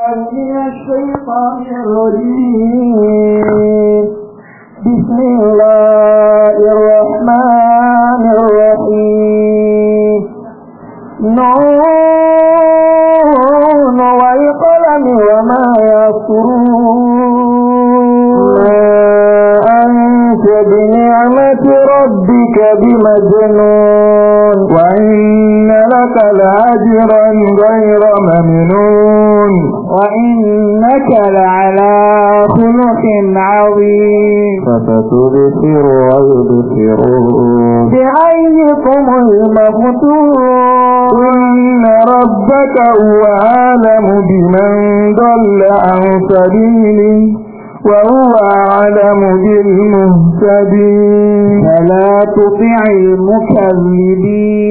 من الشيطان الرجيم بسم الله الرحمن الرحيم نون والقلم وما يسرون أنت بنعمة ربك بمجنون وإن لك لأجرا غير ممنون وإنك لعلى خلق عظيم فتبصر ويبصرون بأيكم المفتون إن ربك هو أعلم بمن ضل عن سبيله وهو أعلم بالمهتدين فلا تطع المكذبين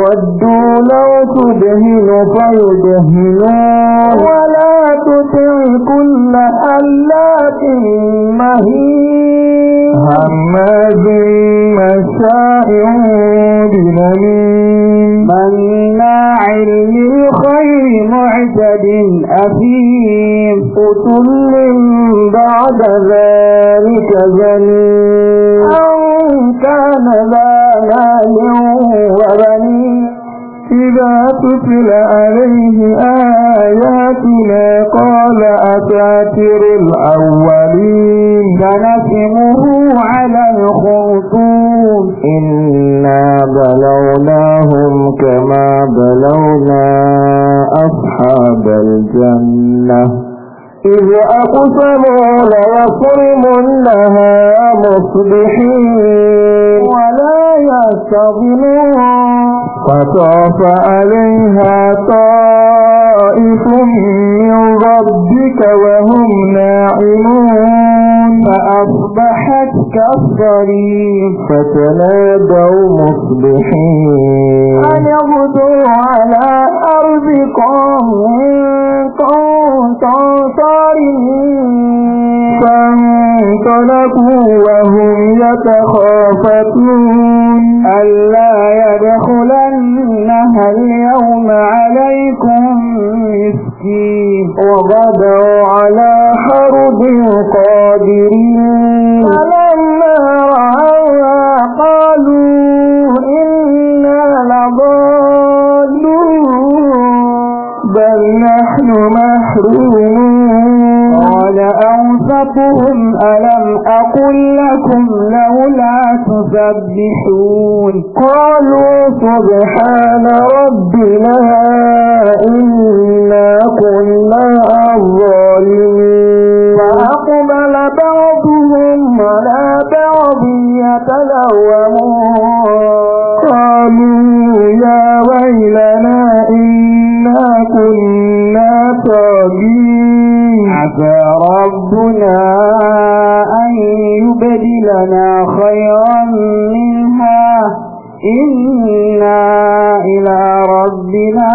ودوا لو تدهن فيدهنون ولا تطع كل حلاق مهين هماز مشاء بنميم علم الخير معتد أثيم قتل بعد ذلك زنيم أو كان ذا مال وبنين إذا تُتْلَى عليه آياتنا قال أساتر الأولين فنسمه على الخرطوم إنا بلوناهم كما بلونا أصحاب الجنة إذ أقسموا ليصرمنها مصبحين ولا يستغنون فطاف عليها طاف خائف من ربك وهم ناعمون فأصبحت كالصريف فتنادوا مصبحين أن يغدوا على أرضكم إن كنتم صارمين فانطلقوا وهم يتخافتون ألا يدخلنها اليوم عليكم مسكين وغدوا على حرب قادرين ربكم ألم أقل لكم لولا تسبحون قالوا سبحان ربنا إنا كنا الظالمين فأقبل بعضهم على بعض يتلومون قالوا يا ويلنا إنا كنا طاغين عسى ربنا أن يبدلنا خيرا منها إنا إلى ربنا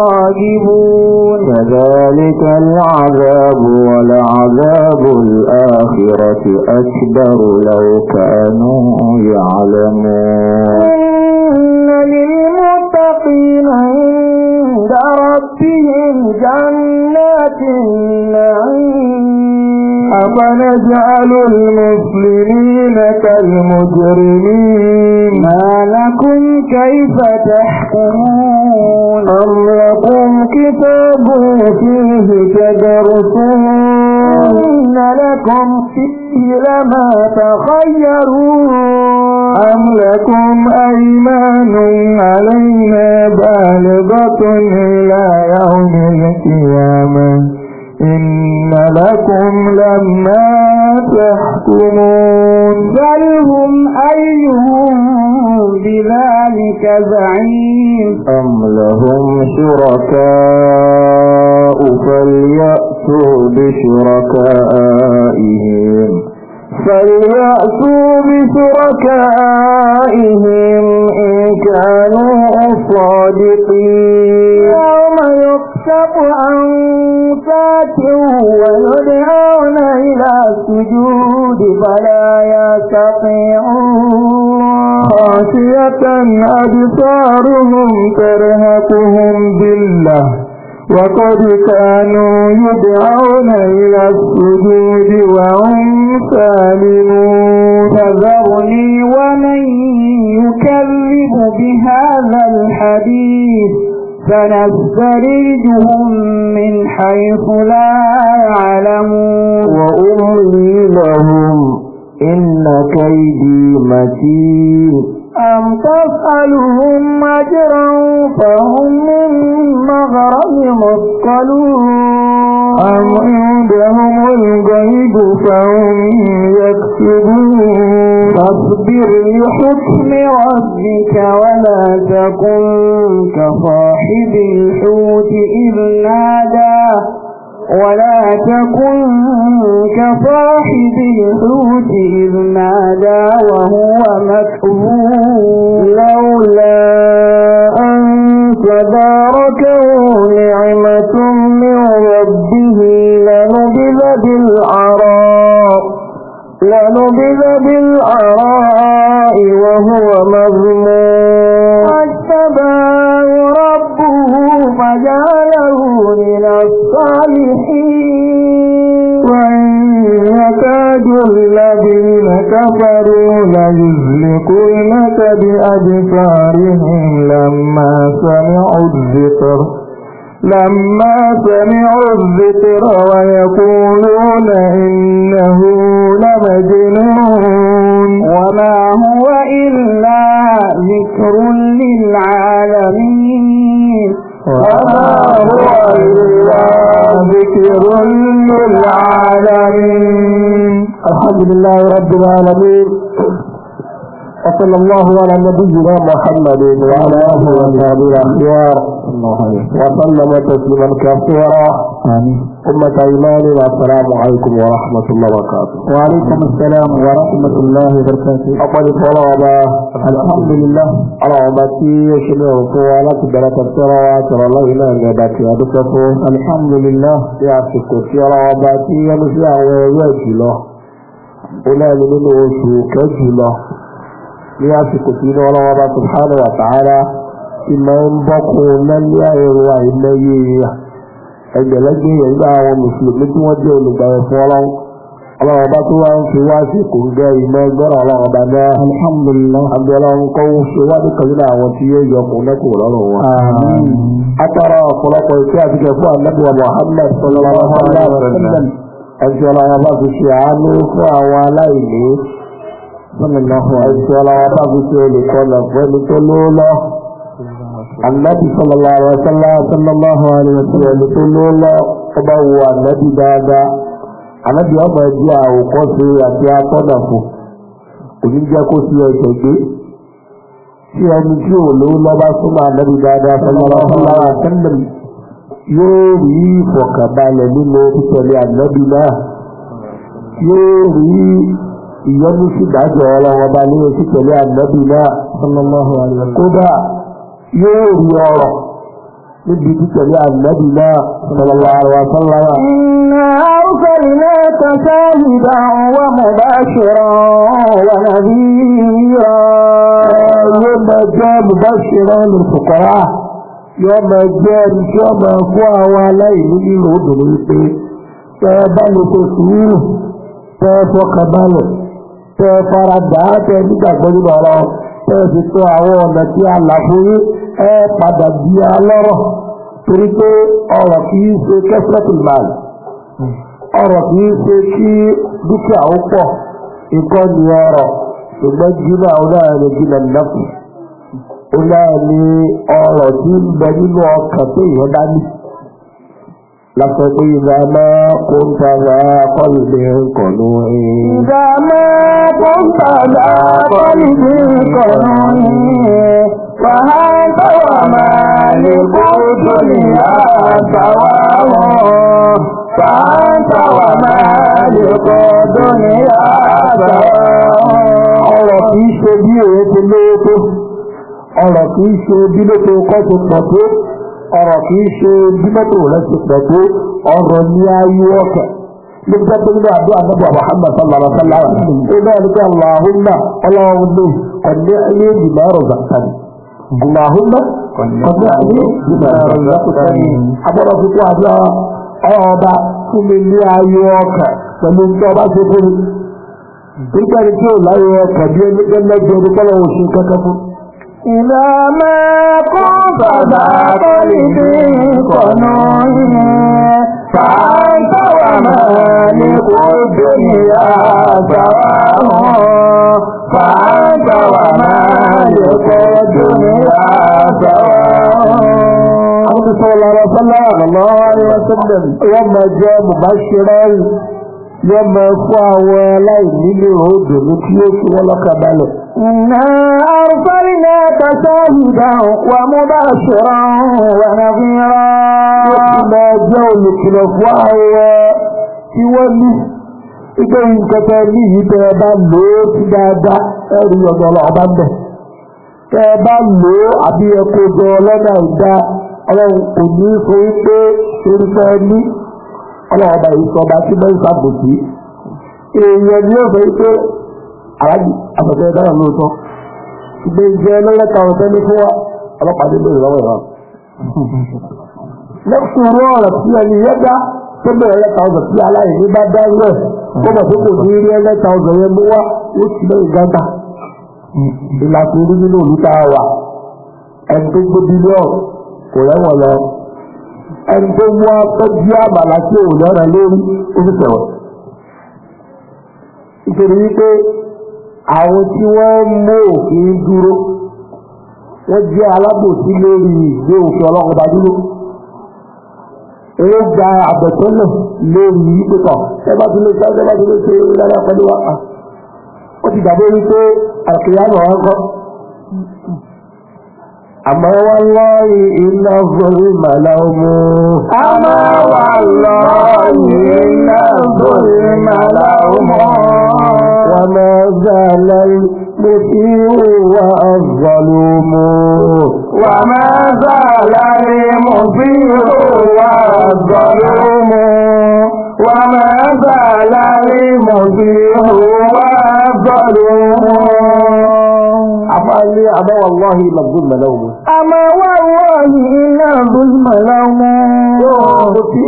راجبون كذلك العذاب ولعذاب الآخرة أكبر لو كانوا يعلمون إن للمتقين ربهم جنات النعيم أفنجعل المسلمين كالمجرمين ما لكم كيف تحكمون أم لكم كتاب فيه تدرسون إن لكم فيه لما ما تخيرون أم لكم أيمان علينا بالغة إلى يوم القيامة إن لكم لما تحكمون بل هم أيهم بذلك زعيم أم لهم شركاء فليأتوا فليأتوا بشركائهم فليأتوا بشركائهم إن كانوا صادقين يوم يكشف عن فات ويدعون إلى السجود فلا يستطيعون خاشية أبصارهم ترهقهم بالله وقد كانوا يدعون إلى السجود وهم سالمون فذرني ومن يكذب بهذا الحديث فنستريدهم من حيث لا يعلمون وأملي لهم إن كيدي متين أم تسألهم أجرا فهم من مغرم مثقلون أم عندهم الغيب فهم يكسبون فاصبر لحكم ربك ولا تكن كصاحب الحوت إذ نادى ولا تكن كصاحب الحوت إذ نادى وهو مكهوم لولا أن تباركه نعمة من ربه لنبذ بالعراء لنبذ بالعراء وهو مظلوم فاتباه ربه فجعله من الصالحين الذين كفروا ليزلقونك بأجفارهم لما سمعوا الذكر لما سمعوا الذكر ويقولون إنه لمجنون وما هو إلا ذكر للعالمين وما هو إلا ذكر للعالمين الحمد لله رب العالمين وصلى الله على نبينا محمد وعلى اله وصحبه الاخيار وسلم تسليما كثيرا أمة إيمان والسلام عليكم ورحمة الله وبركاته وعليكم السلام ورحمة الله وبركاته أقول فرادا الحمد لله على عبتي وشمي وصوى لك بلا تفسيرا وعشر الله إلا أن يباتي أدكفو الحمد لله يا شكو سيرا عبتي ومسيا له onáàlú nínú oṣù kẹjùlọ ní àsìkò tí inú ọlọ́wọ́ bá subhanahu wa ta'ala ti máa ń bọ́kun lẹ́lẹ́ ẹ̀rọ àìmọye èèyàn ẹgbẹ̀lẹ́gbẹ̀ èèyàn nígbà àwọn mùsùlùmí tí wọ́n jẹ́ olùgbàwẹ̀ fún ọlọ́run ọlọ́run bá tó wá ń fi wá sí kò ń gẹ́ ìmọ̀ ẹgbọ́rọ̀ ọlọ́run bá náà alhamdulillah àbí ọlọ́run kọ́ ó ṣe wá nìkan nínú àwọn tí yóò yọ kùn lẹ́kùn lọ́rùn wọn. àtàrà ọ̀pọ̀lọpọ̀ ìṣe àtijọ́ fún àdébùwà Muhammad sallallahu alaihi wa sallam ẹjọ́ ọlọ́wọ́ bá fi ṣe àánú fún àwọn aláìní sọ́nìmọ̀hún ẹjọ́ ọlọ́wọ́ bá fi ṣe olùkọlọ̀ pẹ̀lú tó lóòlọ́ ànábì sọlọ́lá rẹ̀ sọlá sọlọ́mọ́hún àríwẹ̀sẹ̀ ẹni tó lóòlọ́ tó bá wo ànábì dáadáa ànábì ọmọ ẹgbẹ́ àwòkọ́ṣe àti atọ́nàfò kò jẹ́ kó sí ẹsẹ̀ gbé tí ẹni tí ò lówó lọ́ bá súnmọ́ ànábì dáadáa sọlọ́lá sọlá yóò rí ìfọ̀kàbalẹ̀ nínú títẹ̀lé ànábì náà yóò rí ìyọ́nú sídájọ́ ọlọ́wọ́ bá nínú títẹ̀lé ànábì náà sọlọ́mọ́hùn àlẹ́ kódà yóò rí ọ̀rọ̀ níbi títẹ̀lé ànábì náà sọlọ́wọ́ àrùwà sọlọ́wọ́. Inna kalimata sahiban wa mubashiran wa yọ máa jẹ́ ẹni tí àwọn aláìní nínú obìnrin wípé tẹ ẹ sùúrù tẹ ẹ fọkàn balẹ̀ tẹ ẹ tó àwọn ọ̀nà tí a là fún ẹ padà di alọ́rọ̀ torí pé ọ̀rọ̀ kì í ṣe ó náà ní ọ̀rọ̀ tí ń bẹ nínú ọkàn tó ìyẹn dání lásán pé ìgbà máa kó ń tàbá kọ́lùdé ńkọ̀nù ẹ̀yìn. ìgbà máa kó ń tàbá kọ́lùdé ńkọ̀nù ẹ̀yìn. wàhálà tọ́wọ̀ máa lè kó tó ní àtàwà wọn. fàáńtà wà máa lè kó tó ní àtàwà wọn. ọ̀rọ̀ kì í ṣe bí òye ti lóye ọ̀rọ̀ kìí ṣe bí lóko kọ́ ti pọ̀ tó ọ̀rọ̀ kìí ṣe bí mọ́tò rẹ̀ ti pọ̀ tó ọ̀rọ̀ ní ayé ọ̀kẹ́ nígbà tó nínú àdúrà nígbà Muhammad sallallahu alaihi wa sallam ó náà ní pé Allahumma ọlọ́run ní ọ̀dẹ́ ayé ìgbìmọ̀ ọ̀rọ̀ zàkàtàní Allahumma ọ̀dẹ́ ayé ìgbìmọ̀ ọ̀rọ̀ zàkàtàní abọ́dọ̀ fi kó ọba fún mi ní ayé ọkàn pẹ̀lú tí ọba ṣe fún mi nígbà tí ó láyé ọkàn bí ẹni pẹ́ lẹ́gbẹ̀ẹ́ ní kọ́lọ́ òṣù kankan fún mi. إذا ما كنت ذا قلب قنوعي فأنت ومالك الدنيا سواء فأنت ومالك الدنيا سواء أرض صلى الله عليه وسلم الله عليه وسلم يوم جاء مبشرا يوم يقوى ولا يميل هدو نتيوش ولا كبالك إنا أرسلناك شاهدا ومباشرا ونظيرا ما جاء الكلف وهو تولي إذا انكتاليه تابا لو تدادا أري وضلع بنده تابا لو أبي أكوزو لنا إذا ọlọ́run kò ní sọ wípé irúfẹ́ ní ọlọ́run ọba ìsọba tí mẹ́sàn-án kò sí èèyàn ni ó sọ wípé aláàjì àfẹ̀fẹ́ dára lóòótọ́ gbé jẹ́ lọ́lẹ́ta ọ̀fẹ́ ní fún wa ọlọ́pàá dé lórí lọ́wọ́ ìran lẹ́kùnrin ọ̀rọ̀ sí ẹni yẹ́dá tó bẹ̀rẹ̀ lẹ́ta ọ̀fẹ́ sí aláìní bá dá rẹ̀ ó bọ̀ tó kò ní rí ẹlẹ́ta ọ̀fẹ́ yẹn ló wá ó sì lẹ́yìn gáta ìlàkùn rí nínú òní tá a wà ẹni tó gbé bílíọ̀n kò rẹ́wọ̀n lọ àwọn tí wọ́n mú òfin dúró wọ́n jẹ́ alábòsí lórí ìgbé òfin ọlọ́kọ̀ọ́ba dúró èyí gba lórí ìpẹ́tọ̀ pẹ̀lú ó ti Àmọ́ wà lọ́rí iná gorí màláwó mú. Àmọ́ wà lọ́rí iná gorí màláwó mú. Wọ́n mọ̀ zàlẹ̀ pẹ̀tí wà ọ̀gbọ̀lù mú. Wọ́n mọ̀ zàlẹ̀ mọ̀bí wà ọ̀gbọ̀lù mú. Wọ́n mọ̀ zàlẹ̀ mọ̀bí wà ọ̀gbọ̀lù قال لي أما والله إلا الظلم لوم أما والله إلا الظلم لوم àbòsí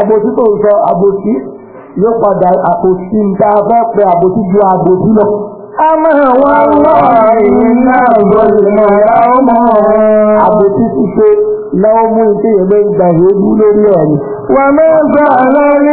àbòsí tó ń sọ àbòsí yóò padà àbòsí ń tá a fẹ́ pé àbòsí ju àbòsí lọ. Àmọ́ wàlúwà iná ìgbọ́lùmọ̀ láwùmọ̀. Àbòsí ti ṣe lọ́wọ́ mú ìṣe ìwé ìgbà ìwébú lórí ẹ̀rí. Wà mẹ́ta lọ́rí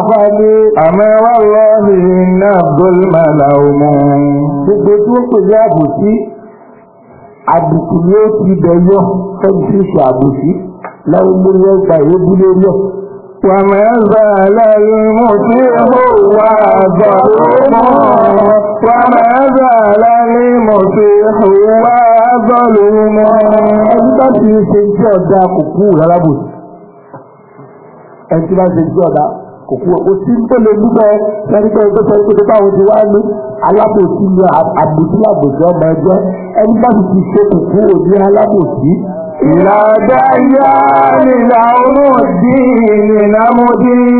àfáàní àmọ́ wà lọ́ọ̀hì iná abdulma làwọn gbogbo tí wọ́n pè ní àbòsí àbùkù ni ó ti bẹ̀yọ fẹ́mi tí ṣe àbòsí láwọn múlẹ̀ ẹgbà ìwébú lórí ẹ̀. وما زال المسيح وظلما وما زال المسيح وظلما ẹni bá ti ṣe jẹ́ ọ̀dà kòkú rárá bò ẹni tí bá ṣe jẹ́ ọ̀dà òkú òkú tí ń tẹ̀lé nígbà sẹ́ríkẹ́ ẹgbẹ́ sẹ́ríkẹ́ tó báwo ti wá ní alábòsí ní àbòsí àbòsí ọmọ ẹgbẹ́ ẹni bá sì ti ṣe kùkú òní alábòsí لدي للعون الدين لمدي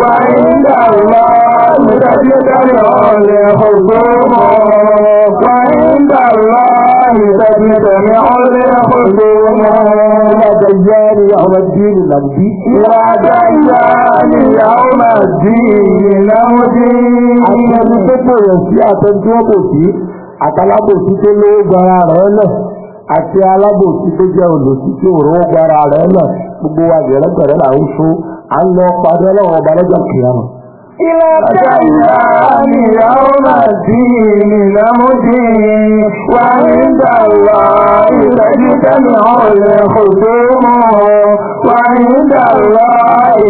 وعند الله تجد العلي خصوم وعند الله تجد العلي خصوم لديان يوم الدين لمدي لديان يوم الدين لمدي أين تتبع يسيا تنتوبتي أتلابتي تلو غرارنا àti alábòsí tó jẹ́ olòsí tí ò rówó gbára rẹ̀ náà gbogbo wa gẹ̀rẹ́ gẹ̀rẹ́ là ń fún à ń lọ padà lọ́wọ́ ọba lọ́jọ́ kìíyàn. Ilé ọjọ́ ìlà ni ìyàwó máa di ìlàmú di wà nígbà wà ìrẹ́jú tẹ́mi ọ̀rẹ́ kò tó mọ̀ wà nígbà wà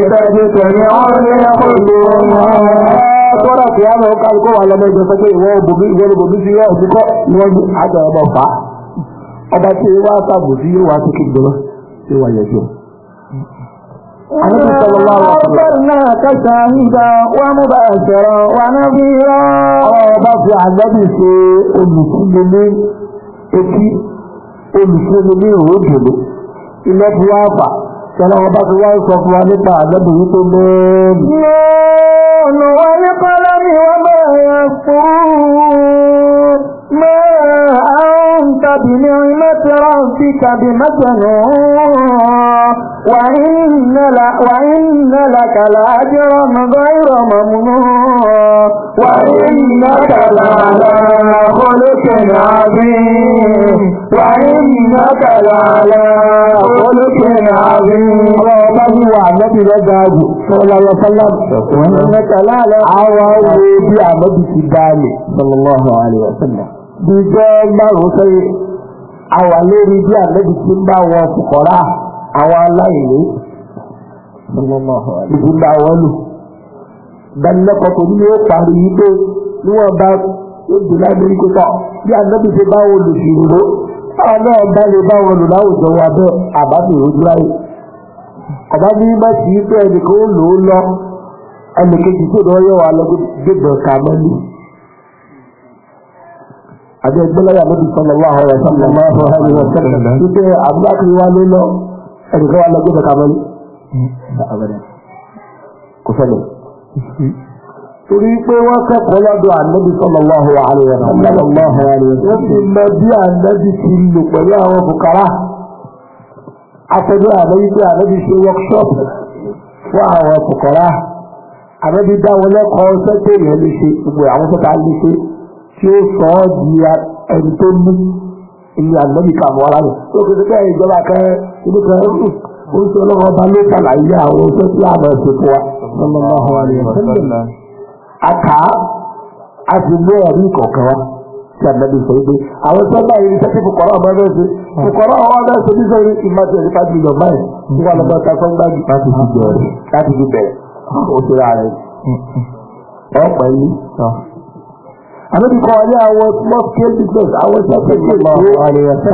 ìrẹ́jú tẹ́mi ọ̀rẹ́ kò tó mọ̀ tọ́lá kìí àmọ́ kálukọ́ wà lọ́mọ ìjọ sọ pé ìwọ òbòbí ìwọ sí ìwọ òbí kọ́ ni wọ́n fà á ọba tí ewa sábò tí yóò wá sí kí gbọ́dọ̀ tí wà yẹjọ. Àwọn ọ̀sọ̀rọ̀ náà kẹta nígbà wọn mú bá ẹ̀sẹ̀rọ̀ wà náà fi rọ́. Ọba fi àgbẹ̀bí ṣe olùkúni ní etí, olùkúni ní òwòjòló, ilẹ̀ tí wọ́n fà. Sọlá ọba fi wá sọ fún wa nípa àgbẹ̀bí yìí tó mẹ́rin. Mọ́ọ̀nù wọlé kọ́lá mi wọ́n bẹ̀rẹ̀ fún mọ́ بنعمة ربك بمجنون وإن, وإن لك لأجرا غير ممنون وإنك لعلى خلق عظيم وإنك لعلى خلق عظيم ọba ní wa ànábì rẹ̀ dáàbò sọ́lá yọ sọ́lá mẹ́ta láàrẹ̀ àwọn òwe bí ànábì ti dáàlè sọ́lọ́wọ́ àwọn bíjọ́ márùn-ún sẹ́yìn a wà lórí bí àlẹ́bí tí ń bá wọn fòkọ́rá àwọn aláìní ìdí ń bá wọn lò ìdánilẹ́kọ̀ọ́ tó ní yóò parí wípé níwọ̀n bá ó dùn láìpẹ́ bí àlẹ́bí tí bá àti ẹgbẹ́ lọ́yà lóbi sallallahu alaihi wa sallam wípé abúlákì wá lé lọ ẹnìkan wà lọ́gbẹ́ kàkà mọ́lé. kò sẹ́lẹ̀. torí pé wọ́n kẹ́kọ̀ọ́ lọ́dọ̀ ànábì sallallahu alaihi wa sallam. wọ́n ti mọ bí ànábì ti lò pẹ̀lú àwọn bùkárà. afẹ́jọ́ ànábì pé ànábì ṣe workshop fún àwọn tí ó sọ ọ́ di ẹni tó ní ilé àlọ́bì kàwọ́ ara rẹ̀ ó kéde bẹ́ẹ̀ ìjọba kan ilé kan ó ń sọ ọlọ́wọ́ ọba ló ṣàlàyé àwọn oṣù tí àmọ́ ṣe fún wa. sallallahu alaihi wasallam. àkà á ti mú ẹ̀rí kọ̀ọ̀kan wa tí ànábi sọ wípé àwọn sábà yìí sẹ́kì fòkọ̀rọ̀ ọmọ ẹgbẹ́ ṣe fòkọ̀rọ̀ ọmọ ẹgbẹ́ ṣe bí sẹ́yìn ìmọ̀tẹ́ ẹ̀rí fájú ìyọ̀ báyìí tí lọ bá ta sọ́ńgbàgì àbẹ́bí kan ní àwọn small scale business àwọn iṣẹ́ kékeré àlè lọ ṣe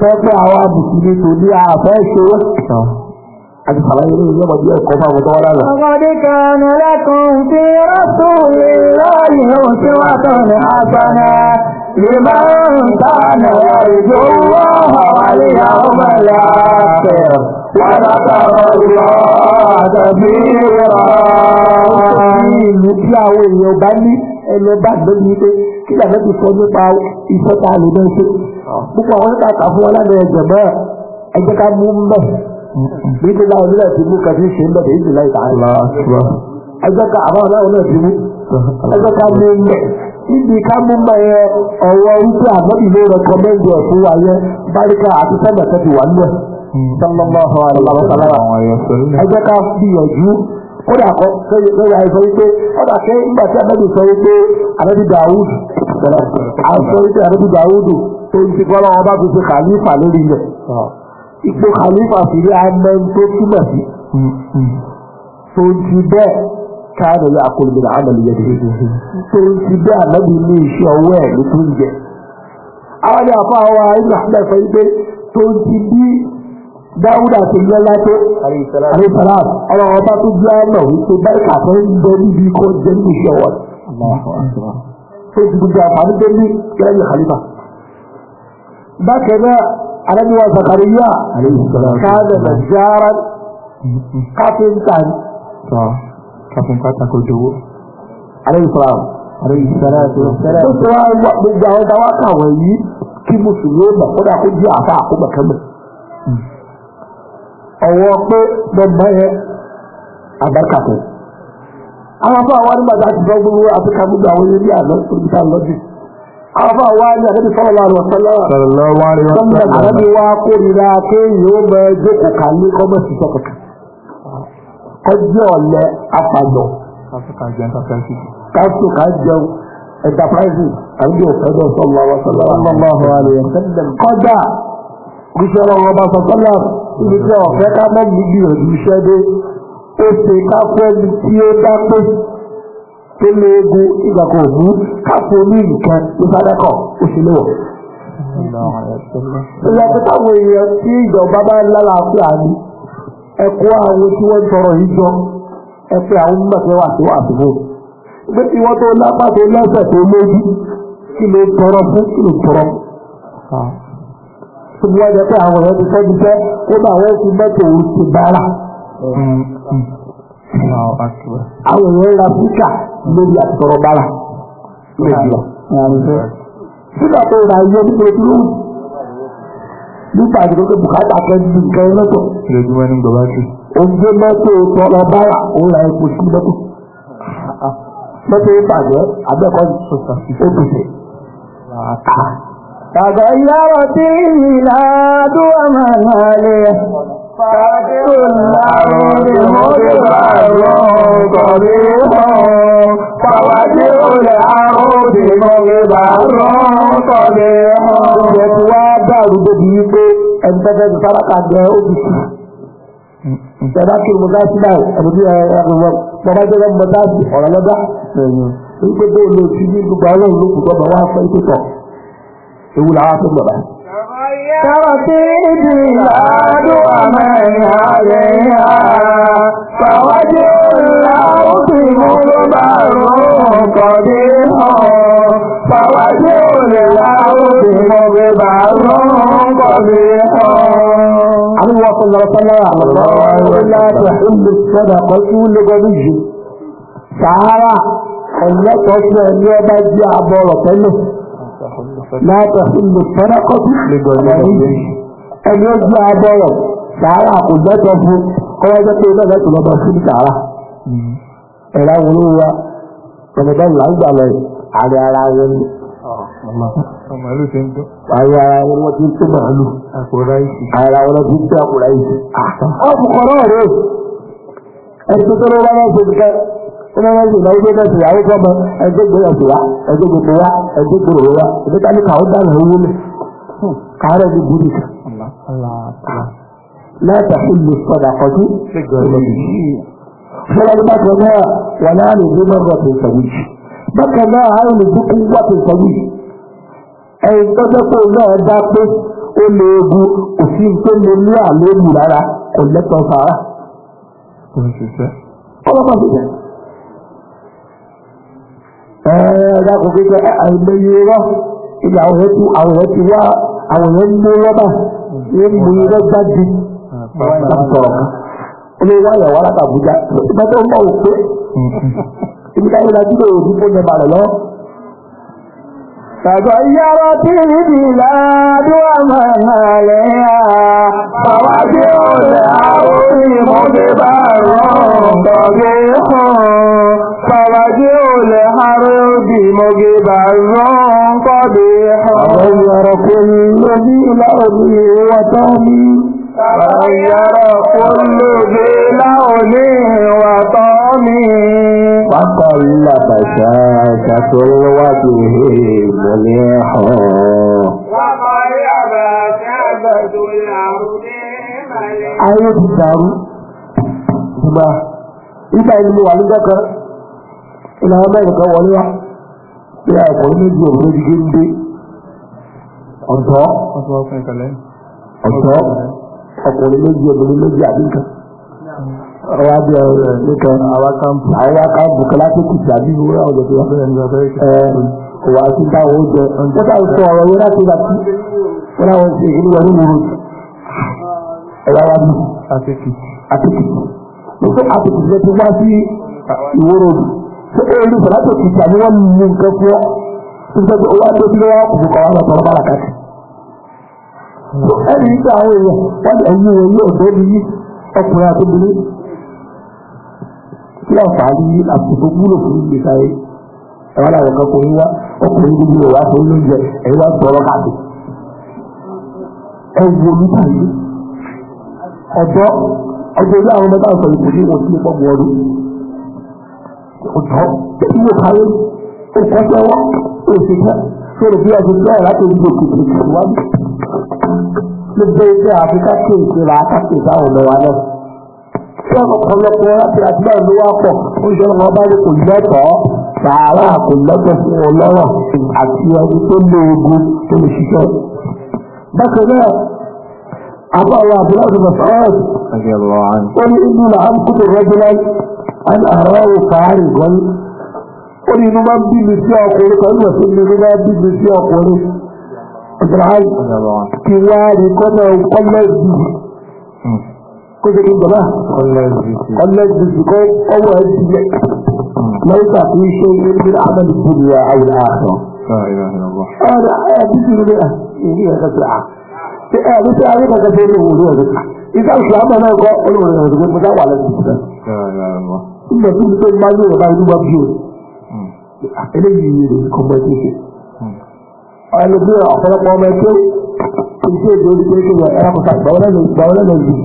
fẹ́ pé àwọn àbùkù ní tòní àfẹ́ ṣe àti sàlàyé ní ìyẹ́mọ̀ díẹ̀ kọ́ fún àwọn tó wá lára. ọmọdé kan lẹ́kùn tí rọ́tù ìlọ́ọ̀lì ohun tí wọ́n tọ̀ ní àgbọ̀nà lèmọ́ ń tà ní ìjọ owó àwárí àwọn ọmọlẹ́ àṣẹ wọn àtàwọn ìlọ àdàbí rọ̀. ó sọ ní ìlú tí àwọn èèyàn bá ní ẹ lọ bá gbé yìí pé kí làbẹ́ ti sọ nípa iṣẹ́ tá a lè lọ ṣe púpọ̀ àwọn nípa kà fún wọn lánàá ẹ̀jẹ̀ mọ́ ẹ jẹ́ ká mú mẹ́ nítorí àwọn onílẹ̀ ti mú kàtí ṣe ń bẹ̀ èyí jùlọ ìta ẹ jẹ́ ká àwọn ọlọ́run náà ti mú ẹ ká mú mẹ́ níbi ká mú mẹ́ yẹ ọ̀rọ̀ wípé àmọ́bí ló rẹkọmẹ́ndì ẹ̀ fún wa yẹ báríkà àti sẹ́mẹ̀tẹ́ kódà kọ lọ́yà sọ wípé ọ̀dà kẹ́ nígbà tí abẹ́bí sọ wípé abẹ́bí dawud àṣọ wípé abẹ́bí dawud tó ń ti kọ́lá wọn bá fi ṣe kàlífà lórí ilẹ̀ ipò kàlífà sì rí amẹ́ tó túmọ̀ sí tó ń ti bẹ́ẹ̀ káàdì ní akọlùmílà àmàlì yẹn tó ń ti bẹ́ẹ̀ abẹ́bí ní iṣẹ́ ọwọ́ ẹ̀ ló tún jẹ. àwọn àfáà wa ibùdó àmì dáúdà ti lọ́lá tó àríṣàlá ọlọ́run ọba tó jẹ́ ọ̀nà wípé báyìí àtọ́ ń bẹ níbi kó jẹ́ níbi iṣẹ́ wọn. tó ti gbogbo àǹfààní tó ní gẹ́gẹ́ bí khalifa. bákan náà alábíwá zakariya káàdà nàìjíríà káfíńtà ni. káfíńtà tako jowó. àríṣàlá àríṣàlá tó ṣẹlẹ̀. tó ti wá gbogbo àwọn dáwọ́ kàwé yìí kí mùsùlùmí mọ̀ kó jẹ́ àfa àkómọ̀kẹ́mọ̀. Hmm. ọ̀wọ́ pé bẹ́ẹ̀ yẹn àwọn afọ àwọn a ti sọ àwọn a lọ jù. àwọn afọ àwọn òṣìṣẹ́ ọlọ́run ọba sọ̀tọ́lá ibi tí ọ̀fẹ́ ká mẹ́rin gbìyànjú iṣẹ́ dé ó ṣe káfẹ́ ni tí ó dá pé tó lé egun ìgbà kan òmú káfẹ́ ní nǹkan ní sádẹ́kọ̀ ó ṣe léwọ̀. ìyàtọ̀ táwọn èèyàn tí ìjọba bá ń lálàáfíà ni ẹ̀kọ́ àwọn tí wọ́n tọrọ yìí jọ ẹ̀fẹ́ àwọn mọ̀tẹ́ wà tó àtúbò. ìgbé tí wọ́n tó lápá tó lẹ́sẹ̀ tó lójú kí ló tọrọ fún kí ló tọrọ tí wọ́n jẹ pé àwọn ọ̀rẹ́ ti tọ́jú pé ó bá wọ́n fi mọ́tò òun ti bára. àwọn èèyàn ra píkà lórí àtọ̀rọ̀ bára lórí ọ̀. nígbà tó ra iye nígbà tí ó nígbà tí ó ké bùkátà kan ju nǹkan mọ́tò. ìrètí ní gbọ̀ngàn sí. oúnjẹ mọ́tò tọ́lọ bára òun ra epo sí mọ́tò. mọ́tò ìbàjẹ́ abẹ́kọ̀ọ́ ìṣòṣà ìṣòṣà. تغيرت الهلاد ومن عليه فكل الأرض مدبر قبيح فوجه الأرض مدبر قبيح Ìjẹ̀kú wá dàrú débi wípé ẹgbẹ́gbẹ́ ti sábàkà jẹ́ òbísì. Ìjọba kí mo dá sí báyìí, àbúrò ẹ̀rọ bàbá jẹ́ mo dá sí ọ̀rọ̀ lọ́gbà. Wípé bóòlù ti ní gbogbo àwọn olókùnkọ́ bàbá wá fẹ́ ìpẹ́tọ̀. يقول عاصم بقى ترتيب البلاد ومن عليها فوجه الأرض مدبر قبيح فوجه الأرض مدبر قبيح عن الله صلى الله عليه وسلم لا تحل الصدقة لغني تعالى خلت أصلا أن يبدي عبارة láàtọ̀ ìlú sọ́dọ́kọ̀ ẹni ó gbé abọ́rọ̀ sàárà kò gbẹ́tọ̀ fún ọwọ́ jẹ́ pé bẹ́ẹ̀ lẹ́tọ̀ lọ́bọ̀ sí sàárà ẹ̀rọ wọn ló wá ọ̀nàdá ńlá ń gbà lọ àrẹ ara wọn ni. màálù ti ń dún. àrẹ ara wọn ni wọ́n ti ń tún màálù. àkùrá ìsì. ara wọn ti ń tún àkùrá ìsì wọ́n máa ń lò náà wípé bẹ́ẹ̀ tìyàwó kọ́mọ ẹgbẹ́ ìgbéyàwó tìwá ẹgbẹ́ gbogbo wa ẹgbẹ́ gbogbo wa ẹgbẹ́ tani káwọn dáná owó mi káàárẹ̀ ní bùrù kan. láti àfihàn sọ̀dà kọjú fọlá ní bákan náà wà láàrin ìlú mọ́gbà tó sọ̀wí. bákan náà àrùn ìdúkú wà tó sọ̀wí. ẹ̀yìn tọ́jọ́ pé náà dá pé ó lè egun kò sí tó lè ní àléébù rárá kò lẹ́tọ̀ọ́ fara. ọlọ́pàá ti bẹ̀rẹ̀ ẹ̀ẹ́dá kò pé àìmọye rọ́ ilé àwọn èèyàn ti àwọn èèyàn ti wá àwọn èèyàn ń mú rọ́bà ní mú irọ́ gbájú sọ̀rọ̀ ilé wa yà wá láti Àbújá ìgbà tó ń bọ̀ wò pé ibi táyé la dúró òbí fún yẹn balẹ̀ lọ. فغيرت البلاد ومن عليها فوجه الأرض مدبر قبيح فرجع الحرب مجبرا قبيحا غير كل ذي الأرض وتهدي غير كل ذي لون وطامي فقل بشاشة الوجه مليحا وطيب شعبة الأرض مليحا أيضا Ìgbà ìlú wà ní jẹ́kọ̀ọ́ ilẹ̀ àwọn mẹ́rin kan wọlé wá bí ọkùnrin méjì òun méjì gé ń dé ọ̀dọ́ ọ̀dọ́ ọkùnrin méjì obìnrin méjì àbí nǹkan ọwọ́ bí ọ̀rẹ́ nìkan àwákàmpù àwákàmpù kíláàsìkì tàbí ìwé ọ̀dọ̀ tó wà fẹ́rẹ̀ ní ọ̀fẹ́ ìwà tí táwọn ó jẹ ọ̀dọ́ta sọ ọ̀rọ̀ wẹ́rẹ́ tó bá tí wọ́n láwọn ṣe ìlú wọn ní mòrò ẹ̀yà wa bí àtìkì àtìkì àtìkì lẹ́tọ́ wá sí ìwóró orí ìfọ̀látò ti jà ní wọ́n mú nǹkan fún ọ́ tó fẹ́ owó adé tí wọ́n kò kọ́ wọn lọ́tọ̀ lọ́bàrà kàtì. ẹni tí àwọn èèyàn wọ́n lè yí ẹ̀yí ọ̀dọ́ mi yí ọkùnrin àti obìnrin tí àǹfààní àbùkù wúlò fún ìgbésí ayé ẹ̀wọ́n làwọn kan kò ní wá ọkùnrin gbogbo rẹ̀ wá fún lóúnjẹ ẹ̀yí wá sọ̀rọ̀ kàtì. ẹ wo nípa yìí ọ̀dọ́ ọjọ́ ilé àwọn mẹ́ta sọ ìpòjú wọn sí pọ́ọ̀mù ọdún ọ̀dọ́ ìwé kàwé òkọ́sẹ́ wọn òṣìṣẹ́ sórí bí ọdún bẹ́ẹ̀ láti ojú òkùnkùn ìwádìí gbogbo ilé àfikà kéèké là á kàkè sáwọn ọ̀dọ́ wa náà tí wọn kọlọpọ láti àdúrà ló wá pọ̀ oúnjẹ ọmọ bá ní kò lẹ́tọ̀ọ́ sàárà kò lẹ́tọ̀ọ́ fún ọlọ́rọ̀ àti ẹni tó lé ogun tó lè ṣiṣẹ́. bákan náà àbọ̀ àwọn àbúrò àti bàbá ọ̀hún ó ní ìlú làwọn kúndùn rẹ́gbẹ́láì الأهراو فعرضا قولي نمام بي مسيح أقولي قولي نمام بي مسيح أقولي أبرعي كواري قنا وقلت كذا كنت بلا قلت بيسي قلت بيسي قلت بيسي ما يتعطي شيء من عمل الدنيا أو الآخرة لا إله إلا الله أنا أبي تقول لي إيه يا قطعة إيه أنا تعرف أنا كذا إذا أشوف أنا أقول أنا أقول متى ولا تقول لا إله إلا الله nígbà tó ti pé máa ń yóò bá inú wa bí o hmm. ah, eléyìí ni èdè kọ̀ọ̀mọ̀ ẹ̀kẹ́ ṣe. ọ̀rẹ́ hmm. bí ọ̀pọ̀lọpọ̀ ọmọ ẹ̀kẹ́ kìí ṣe èdè orí kékeré wọn ẹ̀rọ kọta ìgbàwọlẹ́ lọ yìí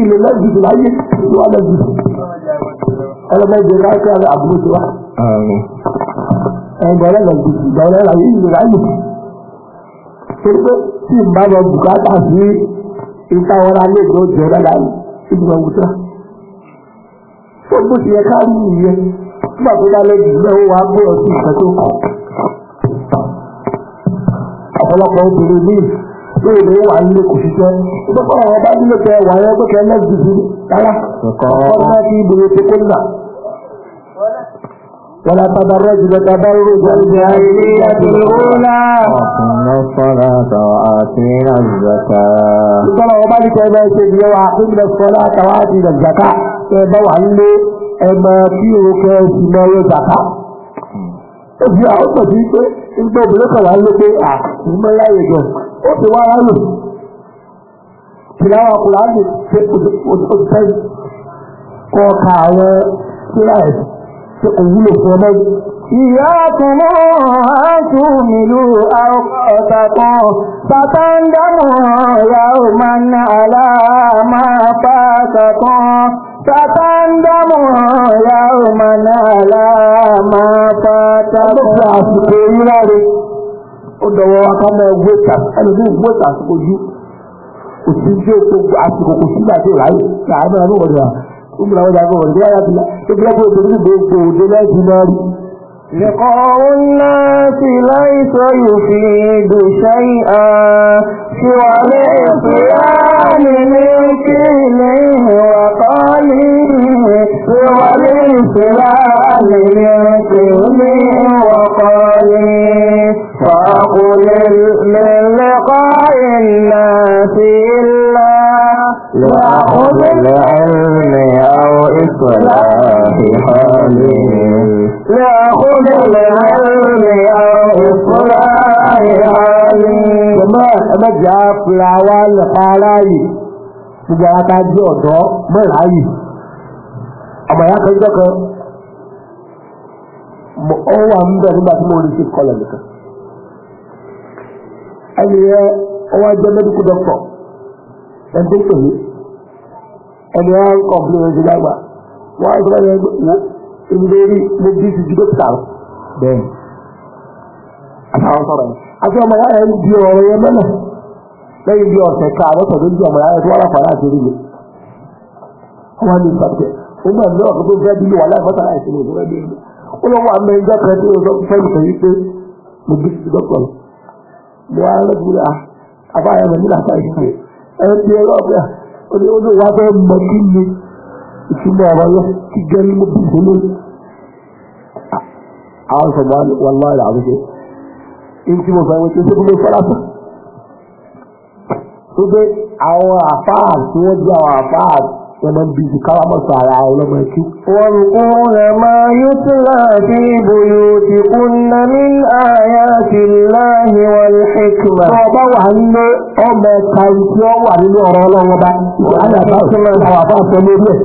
ilé lẹ́jù tó láyé tó wà lẹ́jù ẹlẹ́mẹ̀jẹ̀ láìpẹ́ àbúrò tó wà. ẹgbẹ̀rẹ́ lọ yìí ìgbàwọlẹ́ láyé ìlú láyé torí pé tí ìbá lọ bùkátà sí ìtawọ́ra lè lọ ó bó ti yẹ káàrí ìyẹn nígbà tó dálẹ́ jù lẹ́ ó wà á bọ̀ sí tó kàn. ọ̀pọ̀lọpọ̀ obìnrin míì lóye ló wà nílé kò ṣiṣẹ́ ìgbẹ́pọ̀ àwọn ọba nílé kẹ wà yẹn pé lẹ́gbẹ̀ẹ́ rárá ọ̀pọ̀lọpọ̀ ti ìbèrè tó kó nígbà. ولا تبرجن تبرج الجاهلية الأولى وأقمنا الصلاة وآتينا الزكاة صلى الله عليه وسلم وأقمنا الصلاة وآتينا الزكاة ẹ̀bá wà nílé ẹ̀mà kí òkè sì máa yọ zàká. ó fi àwọn pẹ̀lú pé nígbà obìnrin kan wà nílé pé à ń mọ láyé gan ó ti wá ráyè tìláwà kùlá ní òṣìṣẹ́ kọ̀ọ̀ka àwọn tíráìsì tí kò wúlò fún ọmọ yìí. ìyá ọkùnmọ́ àtú nílùú ọ̀tà kan bàbá ń dámọ̀ ọ̀rá ò máa ń àlá máa bá ń dámọ̀ ọ̀rá ò máa ń àlá máa bá àsìkò yíra rẹ̀ ó dọ̀wọ́ إن هو ذاك هو يا الله تقلق وتقلق بيت ولا جمال لقاء الناس ليس يفيد شيئا سوى الإصيام من كله وقاله سوى الإسلام من كله وقاله فأقل من لقاء الناس إلا وأخذ العلم fira wa lè pa ọdọ gbogbo ara jẹ́ ọ̀dọ́ mẹ́ráàyè ọmọ ìyá kan ó wà ń bẹ̀ nígbà tí mo rí sí kọlẹ̀ nìkan ẹni yẹ ó wá jẹ́ medical doctor ẹni tó pè mí ẹni ń lẹ́yìn bí ọ̀sẹ̀ ká àrọ́sọ̀ tó jẹ́ ọmọláyà tó wára fàlà àti orílẹ̀ wọn ní sàbẹ̀ nígbà tí ọ̀sẹ̀ tó fẹ́ bílẹ̀ wà láì láì sinmi ìṣẹ́lẹ̀ bí ẹni ó lọ́wọ́ àmọ́ ẹjọ́ kan tí ó fẹ́ ìfẹ́ yí pé mo bí ah, ti dọ́kọ̀ lọ mo wá mi nílà wa fẹ́ mọ tó dé àwọn àfáà tí wọ́n jẹ́ àwọn àfáà wọ́n máa ń bí káwá mọ̀ sọ ara ọlọ́mọ ẹtú. wọ́n kú rẹ̀ máa yóò tún láti ìbòyò ti kún na ní àyà ti láàyè wọn hekima. tó o bá wà nílé ọmọ ẹ̀ka ìtí ọ nínú ọ̀rọ̀ ọlọ́wọ́ bá. wọ́n á yà bá òṣèlú àwọn àfáà sọ lórí ẹ̀.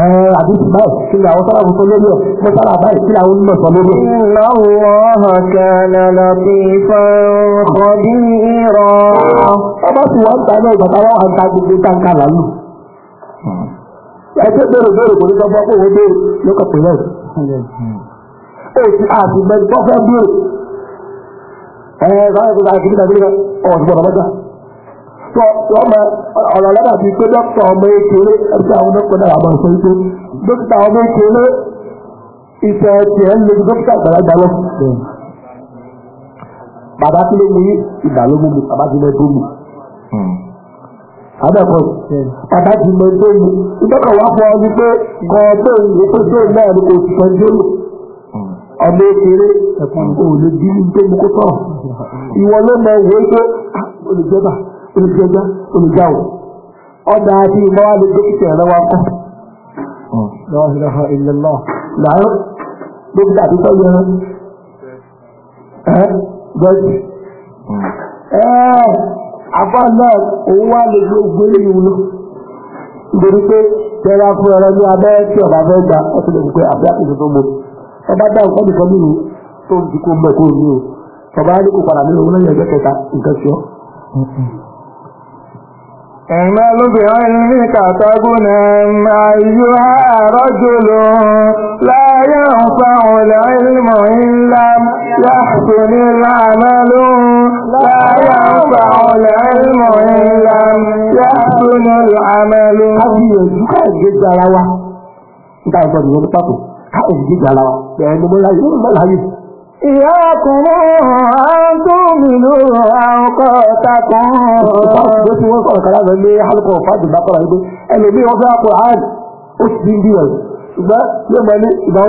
Eh, àdìsí báyìí kí làwọn sábà fún lórí ẹ̀ mo sábà báyìí kí làwọn onímọ̀ sọ lórí ẹ̀. iná wọ́n kẹlẹ̀ lọ́bí fọ́nkọ́ bí rọ. ọba tí wọ́n ń ta náà ìgbàta wọn àǹtà gbogbo táǹkà làlù. ẹgbẹ́ bèrè bèrè kò ní sọ fún òun bèrè lókè pẹ̀lẹ́. èsì àti ìgbẹ́ni tó fẹ́ bèrè. ẹ̀ẹ́d sọ wọ́n mọ ọ̀rọ̀ lọ́dà bíi pé dókítà ọmọ ekele ẹgbẹ́ àwọn dókítà àwọn àmọ̀ ìfẹ́ ìfẹ́ dókítà ọmọ ekele ìfẹ́ tiẹ̀ ń lójú dókítà àgbàlagbà lọ. bàbá tí ló mú ìdàlógún mi bàbá tí ló dún mi. Hmm. Adẹ́kọ̀ọ́ bàbá ti mọ ẹgbẹ́ mi ìdọ́kọ̀ wá fọ ọdún pé gan ọgbẹ́ ìwé tó dé náà ni kò sì fẹ́ dé hmm. Ọmọ ekele ẹ̀fọn kò lè dín ní pé kó sọ̀rọ̀. Ìwọ ló mọ ìwé pé ah, olùjọba olùgbẹ́jọ́ olùgbàwò ọ̀dà àti ìmọ̀ wa lè gbé ìtẹ̀rẹ̀ wa kọ́. lọ́wọ́ ilẹ̀ náà làárọ̀ ló tọ́jú ẹran ẹ gọ́ọ̀jì. ẹ náà òun wá lè gbé gbé ìwú lọ nítorí pé tẹ́lá fún ẹran ní abẹ́ tí ọ̀bá fẹ́ lè gbé àbí ọba dá nǹkan nìkan nínú tó ń di kó mọ̀ kó ní o ọba á ní kó padà nínú اعمل بعلمك تغنى أيها رجل لا ينفع العلم إلا يحسن العمل لا ينفع العلم إلا يحسن العمل أبيض جد لوا انت عايز تقول طب عايز جد لوا يعني مو لا يقول لا يقول إياكم أن تؤمنوا أوقاتكم Ìfàṣìdé tí wọ́n sọ̀rọ̀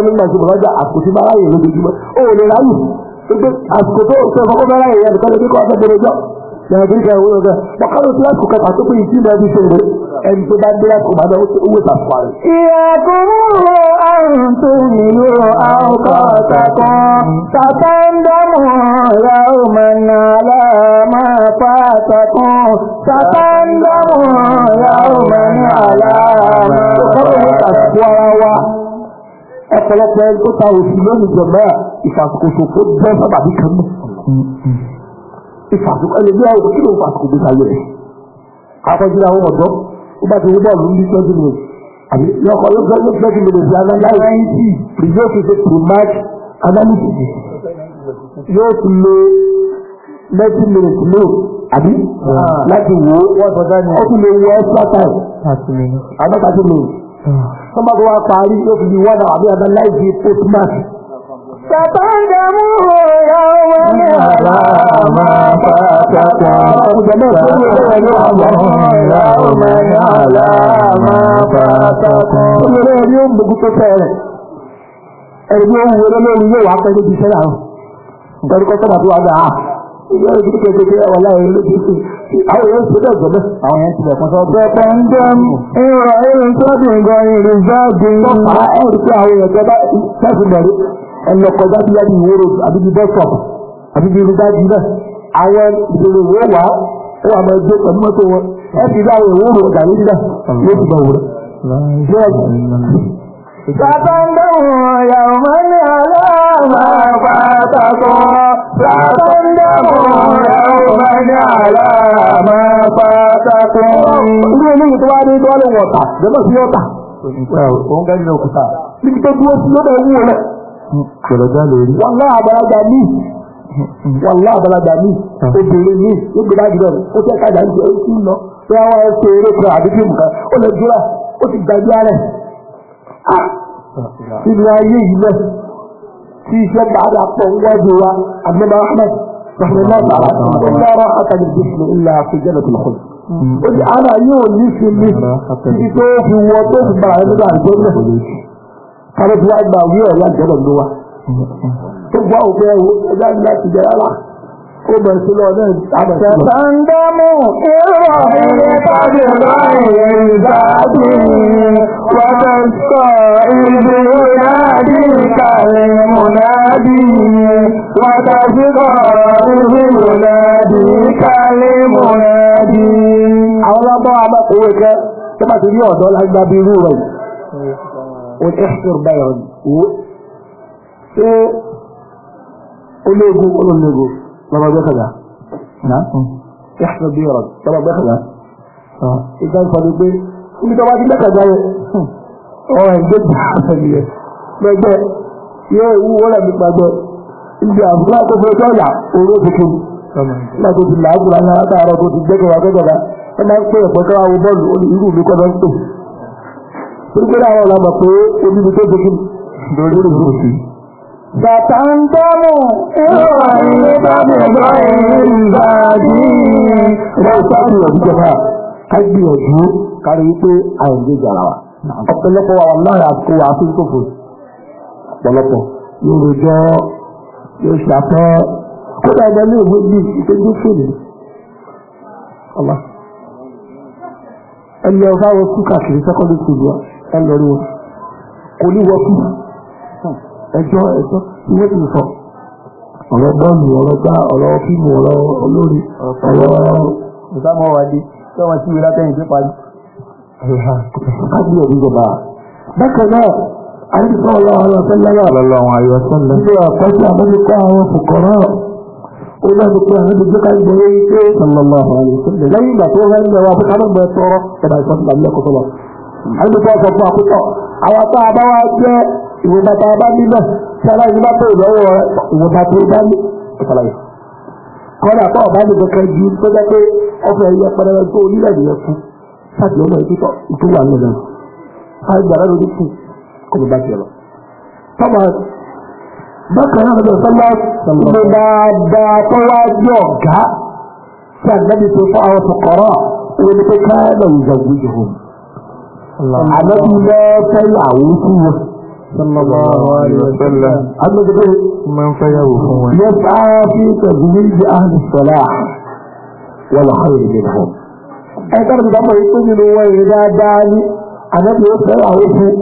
tó sọ fọ́kọ́ bára yìí ẹnì kan أن تجلوا أوقاتكم ستندموا يوما على ما فاتكم ستندموا يوما على ما فاتكم ọ̀pọ̀lọpọ̀ ẹni tó ta òsì lónìí jọ̀mọ́ ìfàsùkòsò tó bẹ́ sábàbí kan mọ́. ìfàsùkò ẹni bí ọ̀rọ̀ kí ló ń fàsùkò gbé sáyé rẹ̀. akọ́jú àwọn ọ̀dọ́ ó bá ti rí bọ́ọ̀lù ní twenty minutes àbí lọ́kọ̀ lọ́kọ̀ọ́kì lè di analysis yóò fi ṣe pre-match analysis yóò ti lo ninety minutes lò àbí ah. láti wò ó ó ti lè wọ extra time àbí thirty minutes. sọ́mbàtò ah. wa parí yóò fi di one hour àbí analysis post-match. ستندموا يوم على ما فاتكم ستندموا يوم على ما فاتكم اليوم بقصة سيرة اليوم ولو اليوم عقل بسلام nǹkan kọ́ sábà tó wà dáa ìyá ìdí kékeré ọ̀la ẹ̀ ló ti fi àwọn èèyàn ti bẹ́ẹ̀ gbọ́dọ̀ àwọn èèyàn ti bẹ̀ fún sọ. bẹ̀bẹ̀ ń dán ìwà ìrìn tó dùn gan ìrìn jáde. tọ́ka ẹ̀rí pé àwọn èèyàn tó bá tẹ̀sí bẹ̀rẹ̀ ẹnlọkọjá bí láti ìwé road àbí bí bus stop àbí bí rúdá jù náà àwọn ìṣòro ìwé wà ó wà máa gbé pẹ̀lú mọ́tò wọn ẹ ti bá àwọn ìwúrò ọ̀gá yìí náà yóò ti bá wúrò. Bàbá ń bẹ̀ wọ̀n yàwó máa ní aláàbà pàtàkó. Bàbá ń bẹ̀ wọ̀n yàwó máa ní aláàbà pàtàkó. Ilé olóyè tó wá ní dọ́ọ̀lù wọ̀tà, jẹ́mọ̀ sí ọ̀tà. Òun gẹ́gẹ́ ní òkúta. Níbi tó dúró sí lọ́dọ̀ kọlọjá lórí. wàhálà àgbàlagbà mi wàhálà àgbàlagbà mi ah. obìnrin mi ó gbé dájú rẹ ó fẹ́ kájà ní orí tí ń lọ pé àwọn ẹsẹ̀ eré kan àbí fíìmù kan ó lè dúrà ó ti gbàgbé rẹ̀ ah. nínú ayé yìí náà tí iṣẹ́ gbàdá pọ̀ ń wájú wa àgbẹ̀bá ahmed hmm. ní sinmi títí tó tó fi gbà ẹ̀ nígbà náà kálọ̀ tí wàá gba òwe ọ̀rẹ́ àjẹ́bọ̀ ló wa. ó gbọ́ òwe ẹ̀wọ̀ ẹ̀dá láti jẹ rárá. ó bẹ̀rẹ̀ sí lọ náà àbẹ̀ sí lọ. ṣàǹdámù ìrọ̀ ilé tàbí láàyè ìdájú wàtẹ̀ sọ ìdí ìyáàdì kàrí mùnádì wàtẹ̀ síkọ̀ ìdí ìyáàdì kàrí mùnádì. àwọn lábọ́ abẹ́kùnrin kẹ́ tó bá ti rí ọ̀dọ́ lágbàbí irú rẹ̀ yìí. والاحصر بايرن و ولوجو قولوا اللوجو طلب ياخدها نعم احصر بايرن طلب ياخدها اه ازاي صديقي اللي طبعا دي لك جاي اه جد حسنية ما جاء يا ولا بتبادل اللي أبغاه تفوتها وروحك láti ti làágùn láti àtàrà tó ti jẹ́kẹ̀wà gẹ́gẹ̀rà ẹ̀nà ń pè ẹ̀pọ̀tọ́ àwọn bọ́ọ̀lù olùyírù mi kọ́ lọ́pọ̀ torípẹ́lá àwọn ọ̀làmọ̀ pé oníbi tó gbogbo lórí ìlú sí. Bàtà ń dámù ìwà ilé bá mi bá ìrìnbàjì. Ìwà ìsáàbì ọ̀dún jẹba kágbìyànjú kárí wípé àìgbé jàrà wa. Ọ̀pọ̀lọpọ̀ wa láàrin àsìkò wa fi ń kòfò. Ọ̀pọ̀lọpọ̀ yóò lè jọ yóò ṣàfẹ́. Kódà ẹ̀dá ilé ìwé bíi ìtẹ́jú fèlè. Ọlá. Ẹni ọ̀fáwọ̀ kú kàkiri sẹ́kọ́ndì sùgbọ́n ẹ lọ rí wọn kò ní wọ kí ẹjọ́ ẹjọ́ tí wọ́n ti sọ ọ̀rọ̀ bọ́ọ̀lù ọ̀rọ̀ gbá ọ̀rọ̀ fíìmù ọ̀rọ̀ olórí ọ̀rọ̀ ìsámọ́wádìí tí wọ́n ti wí látẹ̀yìn tó parí. kábíyèsí ìjọba bákan náà àdìsọ́ ọlọ́run ọ̀sẹ́lẹ́lá lọ́lọ́run ayọ̀sẹ́lẹ́ ilé ọ̀pẹ́ tí a mọ́lú kọ́ àwọn fòkọ̀rọ̀ ó lẹ́nu pé àwọn ìdíjọ́ ká gbọ́ yé ike sọlọ́lọ́run ayọ̀sẹ́lẹ́ lẹ́yìn ìgbà tó rẹ́ ń lọ wá fún kámọ́gbẹ́ tọrọ ẹ̀dà ìsọ́sílẹ̀ lẹ́kọ̀ọ́ àyùbọ̀ sọ fún àkútọ̀ àwọn tá a bá wá jẹ́ ìwé bàtà bá níbẹ̀ tí aláìní bá bẹ̀rẹ̀ lọ́wọ́ rẹ̀ ìwé bàtà bá ní ìsàlàyé. kọ́dà bá ọ̀bá ní kankan ju tó jẹ́ pé ọkọ̀ ẹ̀yẹ pẹrẹrẹ tó onílẹ̀ nìyẹn fún sáàtì ọmọ ìtútọ̀ ìtúwà ní ìlànà àìgbà rẹ̀ lórí kù kò ní bá tiẹ̀ lọ. tọ́mọ bákan náà lọ sọ́lá ló dáadáa tó wá jẹ́ ọ̀gá tí àgbẹ̀bí tó fọ́ àwọn fọkọ̀rọ̀ àmọ́bí lọ́ọ́fẹ́ ìyàwó sí wọn. Sallallahu alayhi wa sallam. Agbègbè máa ń fẹ́yàwó fún wọn. Yẹ bá fi tẹ̀sí ní ibi ahli salah wọ́n lọ kọ́ ìdílé fún. Ẹ káàdì bí dámọ̀ yìí tó nínú wọn yìí dáadáa ní àmọ́bí ó fẹ́yàwó fún.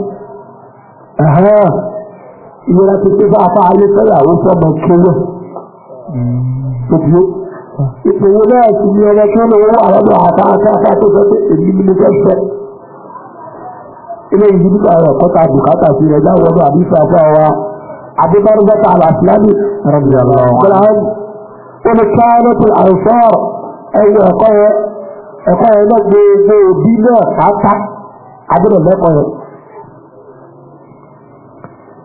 Ìwọ́n ti pé bá a fa ayé fẹ́yàwó sọ́mọ kéwọ́. Tòbíó ìpòwò náà ti ní ọmọ kí wọ́n lọ wọ́n àwọn àtàkà àtàkà tó fẹ́ pé èmi ní mo fẹ́ fẹ́. ilé ìdílé ọ̀rọ̀ kọ́ta bùkátà sí rẹ̀ dáwọ́dọ̀ àbí ìfàfà wa àbíbárúgbọ́ta àlàáfíàní rọ̀bìyàn wọn káàánú ti àrùsọ́ ẹ̀yìn ẹ̀kọ́ yẹn ẹ̀kọ́ yẹn náà gbogbo òbí náà pátá àbúrò lẹ́kọ̀ọ́ yẹn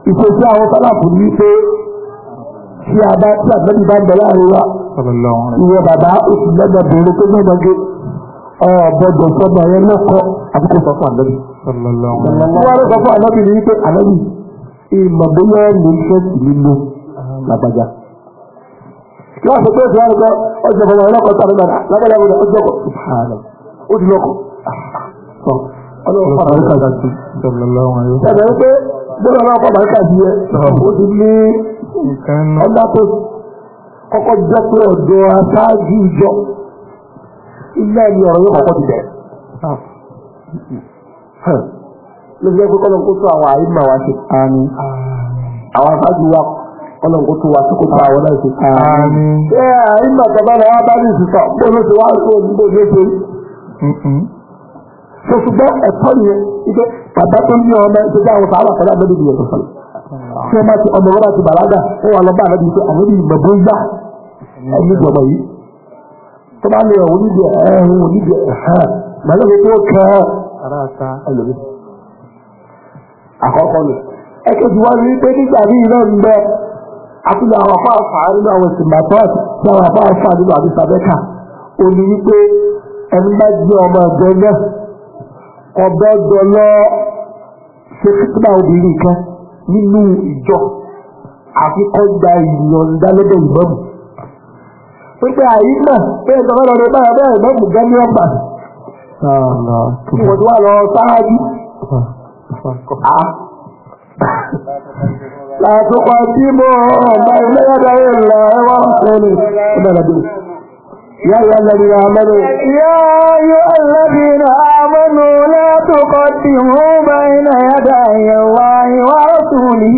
ìṣesí àwọn sálàkù ní pé tí a bá tí àgbẹ̀bí bá ń bẹ láàrin bàbá oṣù lẹ́gbẹ̀ẹ́ bèrè tó lẹ́gbẹ̀ẹ́ ọ̀bọ̀dọ̀ sọ́gbà yẹn lẹ́kọ̀ọ́ àbúkò sọ́kàn lẹ́gbẹ̀ẹ́ wọ́n rẹ̀ kọ́kọ́ jẹ́ pé ọ̀dọ́ aṣáájú ìjọ ilé ẹni ọ̀rọ̀ yóò kọ́kọ́ ti bẹ̀rẹ̀. Ah. ló jẹ́ pé kọ́lọ̀ tó àwọn àyè máa ṣe àmì àwọn àbájú wa kọ́lọ̀ tó wa tó kó tó náà ṣe àmì. ṣé àyè máa náà wá bá ní ìsìtọ̀ bó ló ṣe so ṣùgbọ́n ẹ̀kọ́ yẹn ike bàbá tó ní ọmọ ẹ̀ ṣẹjá àwọn sàárà pẹ̀lú àbẹ́bí ìyẹn tó sọ̀rọ̀ tí ti ọmọ wọn àti bàlágà ó wà lọ́ba àbẹ́bí ìṣe àbẹ́bí gbà ẹ̀yìn ìjọba yìí tó bá ara ta ẹlòmí. àkọ́kọ́ nù ẹ̀kejì wá ní pé nígbà ní iná ń bẹ àtúndà àwọn afọ àfàá nínú àwọn sìmbàtọ́ọ̀tì ní àwọn afọ àfàá nínú àbí sàbẹ́kà ó ní wípé ẹni bá ọmọ ẹgbẹ́ náà ṣe fífúnà obìnrin kan nínú ìjọ ìbọ̀mù pípẹ́ àyíká pé Ìwọ̀n tí wà lọ sáájú. Láàtúkọ̀ tí mo ọ̀gbà ilé yàtọ̀ ìlà ẹwà ọ̀sẹ̀ni. يا أيها الذين آمنوا يا أيها الذين آمنوا لا تقدموا بين يدي الله ورسوله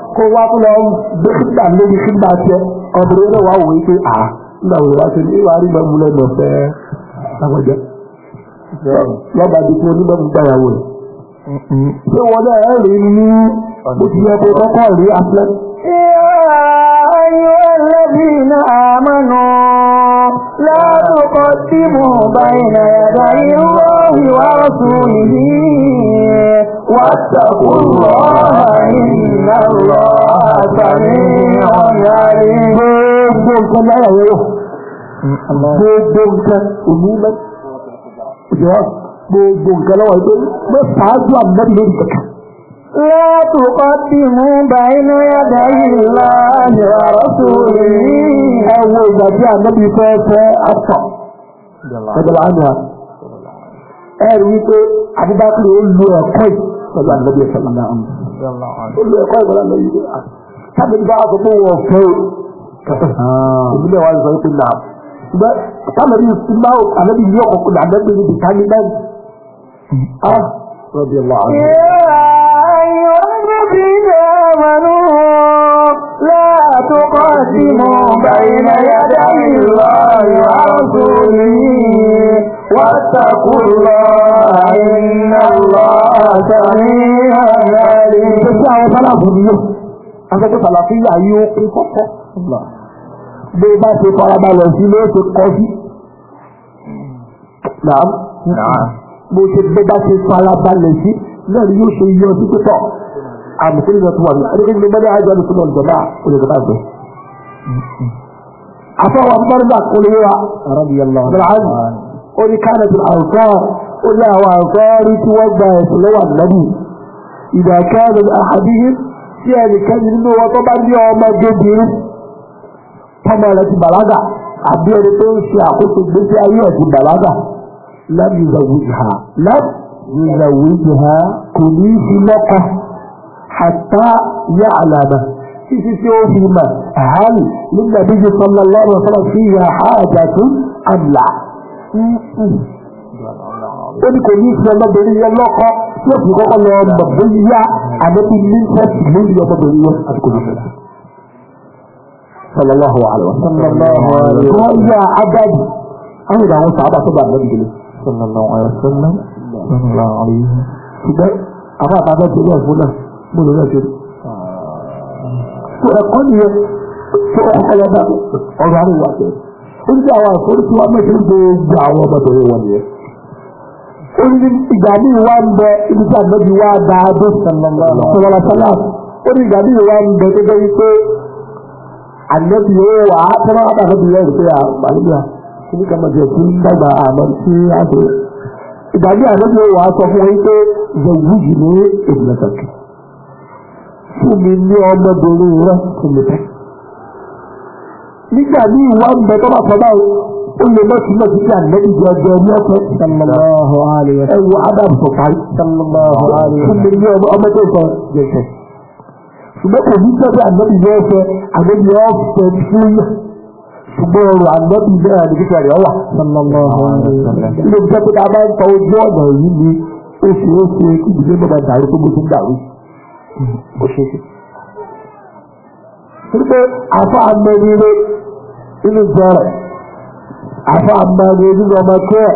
kó wá tó lọ gbé lórí sígbà tiẹ̀ ọmọdé náà wà wòye pé à nígbà wòye wá sí ní ìwà rí mẹ́mu lẹ́nu ọ̀fẹ́ àwọ̀jẹ́ lọ́ba di fún onímọ̀mù gbàyàwó rẹ̀. ṣé wọn náà rí ní bó ti yẹ kó kọ́kọ́ rí afẹ́. ayọ̀ alladhina amanu la tuqaddimu bayna yaday Allahi wa rasulihi. واتقوا الله إن الله سميع عليم gbogbo nǹkan láyà yóò gbogbo nǹkan ìmúlẹ̀ ìjọ gbogbo nǹkan lọ́wọ́ ìgbé mẹ́fàájú àmì lórí kẹ̀kẹ́. látò kọ́ tí mú bá inú yàgá yìí láàyè ọ̀rọ̀ tó rí ẹwọ́ ìgbà tí ànábì fẹ́ fẹ́ àtọ̀ ẹgbẹ̀rún àná ẹ̀rí wípé Abubakar ó lo ẹ̀kọ́ yìí صلى النبي صلى الله عليه وسلم كل يقال ولا هذا اللي بعث آه. الله وفيه النبي وعلى صديق النعم قال النبي صلى الله عليه وسلم النبي كل عبد النبي آه. رضي الله عنه يا ايها الذين امنوا لا تقاسموا بين يدي الله ورسوله واتقوا الله إن الله سميع عليم Ṣé àwọn sálàfù ni yóò? Afẹ́kẹ́ sàlàfíà yóò kún kọ́kọ́. Bí o bá ti farabalẹ̀ sí ló ti kọ́ sí. Nàá. Nàá. Bó ṣe bí o bá ti farabalẹ̀ sí náà ni yóò ṣe yọ sí pípọ̀. Àmùsùn ìjọ tó wà ní. Adékèké ni Mọ́lẹ́ Ajá ni Súnmọ́ ìjọba olùdókòtà gbẹ. Afọwọ́ Mọ́lẹ́ Akólówó wa. Rọ́bì yẹn lọ. Bẹ́ẹ̀ قل كانت الأنصار قل يا أنصاري توضع سلوى النبي إذا كان أحدهم يعني كان إنه وطبعا يوم جدير فمالة بلغة عبير تنشي أخص بنت أيوة بلغة لم يزوجها لم يزوجها كنيه لك حتى يعلم في ما هل للنبي صلى الله عليه وسلم فيها حاجة أم لا ọ̀rọ̀ ọ̀rọ̀ ọ̀rọ̀ ọ̀rọ̀ ọ̀rọ̀ ọ̀rọ̀ ọ̀rọ̀ ọ̀rọ̀ ọ̀rọ̀ ọ̀rọ̀ ọ̀rọ̀ صلى الله عليه وسلم يا عبد انا دعوه صعبه تبع النبي صلى الله عليه وسلم صلى الله عليه كده ابا بابا تقول فلان بقول له كده فاقول له فاقول له بقى اقول له ó ní àwọn àforíṣi wa mẹ́tìrì gbogbo àwọn ọmọbìnrin wọn yẹn. ó ní ìgbà míì wá ń bẹ ibi tí àgbẹ̀bí wa da adó sọlọ́lá sọlá ó ní ìgbà míì wá ń bẹ gẹ́gẹ́ yìí pé àgbẹ̀bí yẹn wà á tẹ́lá wà bàbá yẹn rẹ̀ pé àgbàlagbà kí ni kàmá jẹ kí ń dàgbà àmọ́ sí àgbẹ̀. ìgbà míì àgbẹ̀bí yẹn wà á sọ fún wọn pé zẹ̀wú jù ní èdè fún mi ní ọmọbìnrin rẹ̀ kò lè fẹ́ nígbà ní ìwà ń bẹ tọ́ba sọ báyìí ó lè lọ́sùn náà títí ànẹ́bí jẹ ọjọ́ ní ọ̀sẹ̀. ẹ wo adam tó parí. fún mi ní ọmọ ọmọ tó sọ jẹsẹ. ṣùgbọ́n kò ní sọ́dọ̀ ànẹ́bí yẹn ọ̀sẹ̀ ànẹ́bí yẹn ọ̀sẹ̀ fún yà. ṣùgbọ́n ọrọ̀ ànẹ́bí yẹn àti kíkà rẹ̀ ọ̀wà. ilé iṣẹ́ pé ká máa ń nínú sọ̀rọ̀ afọ àmàlẹ nínú ọmọ tó ẹ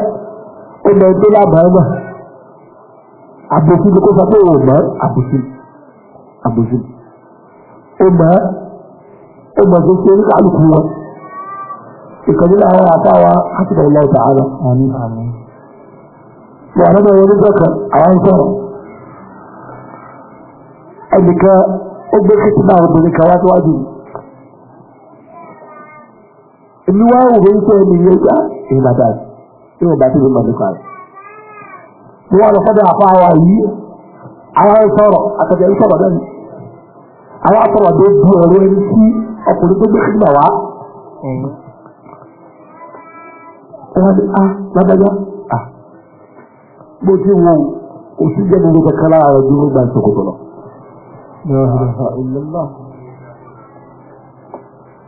ó lọ tó lábàá náà àbòsí ni kó sọ pé òun mọ àbòsí àbòsí ó mọ ó mọ tó ṣe nípa àlùkù wọn ìkànnì àwọn àtàwọn àtìkọ ìlà ìta àlọ. wà nínú ẹyẹ nígbà kan àwọn ń sọ̀rọ̀ ẹnìkan ó gbé kìtìmá obìnrin kan wá síwájú yìí èmi wá wò wípé ẹni yẹn gbà èyí bàtà tí wọn bá ti fi mọ nípa rẹ̀. mo wà lọ́kọ́dọ̀ àfa wa yìí àwọn sọ̀rọ̀ àtẹ̀jẹ̀ sọ̀rọ̀ náà ni àwọn sọ̀rọ̀ tó di ọ̀rọ̀ ẹni tí ọkùnrin tó gbé sígbà wá. wọ́n ní a ah, lágbájá a ah. bó ti wọ òsì jẹ́ nínú kankan lára rẹ̀ dúró gba ìṣòkòtò lọ.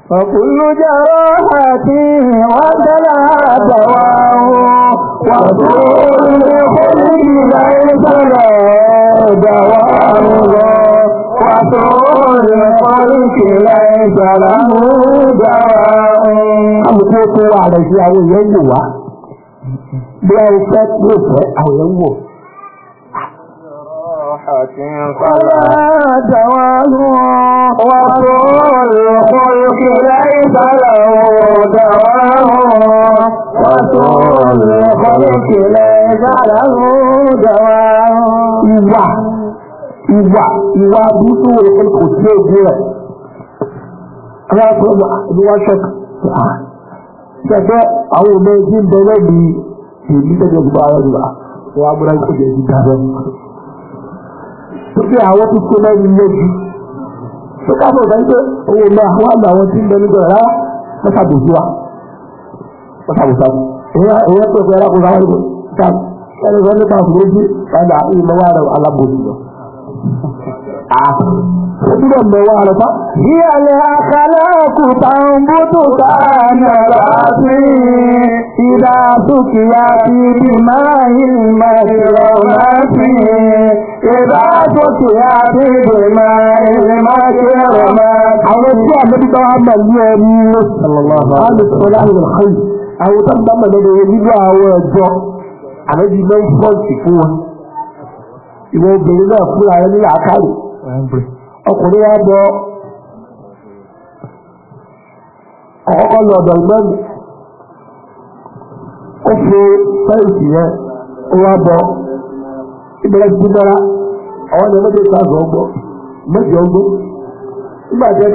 فكل جراحة وسلها دواه وكل خلق ليس له دواه وكل خلق ليس له دواه àwùjọ tó wà rẹ̀ sí àwọn èèyàn wò wá bí ẹ fẹ́ tí ó fẹ́ àwọn èèyàn wò صحة ìwà ìwà ìwà burúkú wo ló kò sí ojú rẹ̀ aláàbò ìwà ṣẹ́kù ṣẹ́kù àwọn ọmọ ẹgbẹ́ ń bẹ lẹ́bi èyí tẹ́lẹ̀ rẹ̀ wà á múra ìkọ̀jẹ́ ìdí dáadáa pé àwọn ti ṣe lẹ́yìn lójú tó kábọ̀ ìdájọ́ owó ọmọ àwọn àgbà àwọn tí ń bẹ nígbà rárá wọ́n ṣàbòsí wa wọ́n ṣàbòsí wa èyí ẹ̀pẹ̀ pé alákòóso àwọn ìgbò sáà ẹni sọ nípa àfúrójú ẹ̀dà ìmọ̀wá rẹ̀ alábòsí lọ. Ìjọba mẹ́wàá àlọ́pá. Bí alẹ́ akálẹ́kù tàǹbùtù tààna láti ìdá sókìyà ti bí máa yìí máa ìrọ̀ láti ìdá sókìyà ti bí máa ìrìn máa kẹrọ máa. Àwọn tí a mẹ́bí bá wà mọ̀ ní ẹni àwọn tó gbàmọ̀ lọ́dọ̀ nínú àwọn ẹjọ́ àmẹ́bí mẹ́fọ́ǹsì fún wọn. ìwọ obìnrin náà fún ààrẹ ní làákàyè ọkùnrin wa bọ ọkọkọ lọ ọ̀dọ̀ ìgbẹni ó fi fẹǹsì yẹn ó wá bọ ìbẹ̀rẹ̀ ti àwọn nígbà tí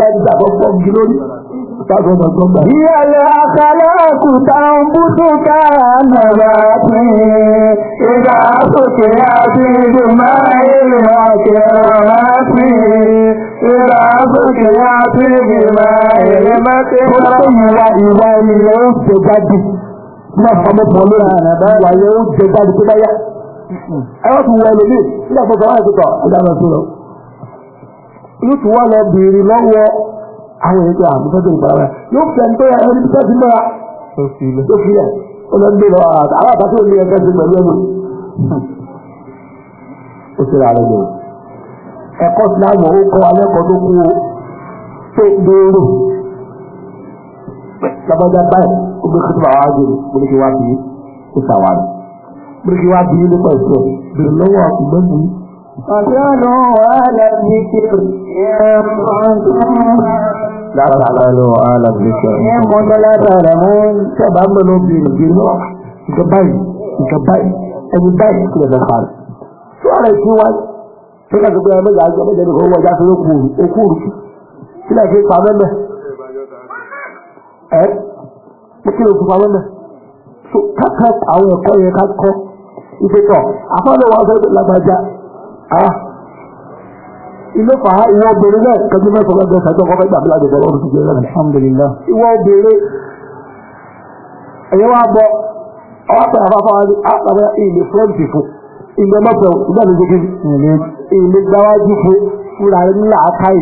táwọn ọmọ tó gbà. ìyàlẹ̀ àkàlẹ́kù táwọn bútú ká nàrà sí i ìgbà sókè àti ìdùnmá èrè ọ̀kẹ́ ọ̀rá sí i ìgbà sókè àti ìdùnmá èrè mẹ́tẹ́ ọ̀rá sí i. ìwà ìwà ilẹ̀ ó ṣe jáde ní àfọmọ́pọ̀ lórí ìwà yẹn ó ṣe jáde tó bá yá. ẹ wá tún wọ ẹlòmíì nígbà tó sọ wáyé tó tọ̀ ẹ̀dá lọ sí lọ. yóò tún wá lọ bèèrè lọ́wọ́ àwọn ètò àmúfẹ́tò ìpàdé yóò fẹ́ ń tó ẹni tó ti mọ́ra tó fi lẹ̀ ó lọ gbé lọ aláàbá tó ní ẹgbẹ́ ti pẹ̀lú ẹnu ó ti rà rẹ̀ lọ. ẹ̀kọ́ ti láwọn ó kọ́ alẹ́kọ̀ọ́ tó kú tó gbòòrò lábọ́jà báyìí ó gbé kí tó bá wá kí wá bí ó ṣàwárí mo ní kí wá bí nípa ìṣó bèrè lọ́wọ́ ìgbẹ́mu yìí. Ọjọ́ náà wà lẹ́yìn kí n bá ń tún látàlálọ́ alàgbèsè. ẹ mọ ní látàlá mọ sábà ń bẹ lọ bí ìrìnàjò lọ nǹkan báyìí nǹkan báyìí ẹni báyìí kí lè fẹ́ fà rẹ̀. tí wàá rẹ̀ ti wá tí wàá gbé ẹgbẹ́ ìgbà àjọ méjèèjì kò wọ́n já sí okú okú òrùkú kí lè fi pa mẹ́mẹ́. ẹ kí lè fi pa mẹ́mẹ́. so kákà àwọn ẹ̀kọ́ yẹn ká kọ́ ìfẹ́tọ̀ àfọwọ́n wọn fẹ́ lágbájá ilé fa ìwọ obìnrin náà kẹjú mẹ́sàn-án lọ́jọ́ ìṣàjọ́ kọ́kọ́ ìgbà bílá ìdẹ̀bọ̀ lọ́rùn ìṣẹ́jọ́ lọ́rùn. alhamdulillah. ìwọ obìnrin ẹ̀yẹ́ wá bọ̀ ọwọ́ pẹ̀lú afáfá wa ní àpàrẹ ìlú fúrẹ́ǹtì fún ìlú ẹmọ́fẹ́ ìgbà mi gbégbé ìlú gbáwájú fún fúra rẹ̀ ńlá àkáyì.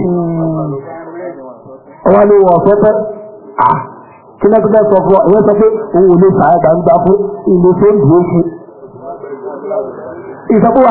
ọwọ́ ni wọ́n fẹ́ fẹ́ à kí lẹ́kọ́ bẹ́ẹ̀ sọ fún ọ ìwé sọ pé òun ò lè fà á gbàǹgbà fún ìlú fún. ìsọkúwà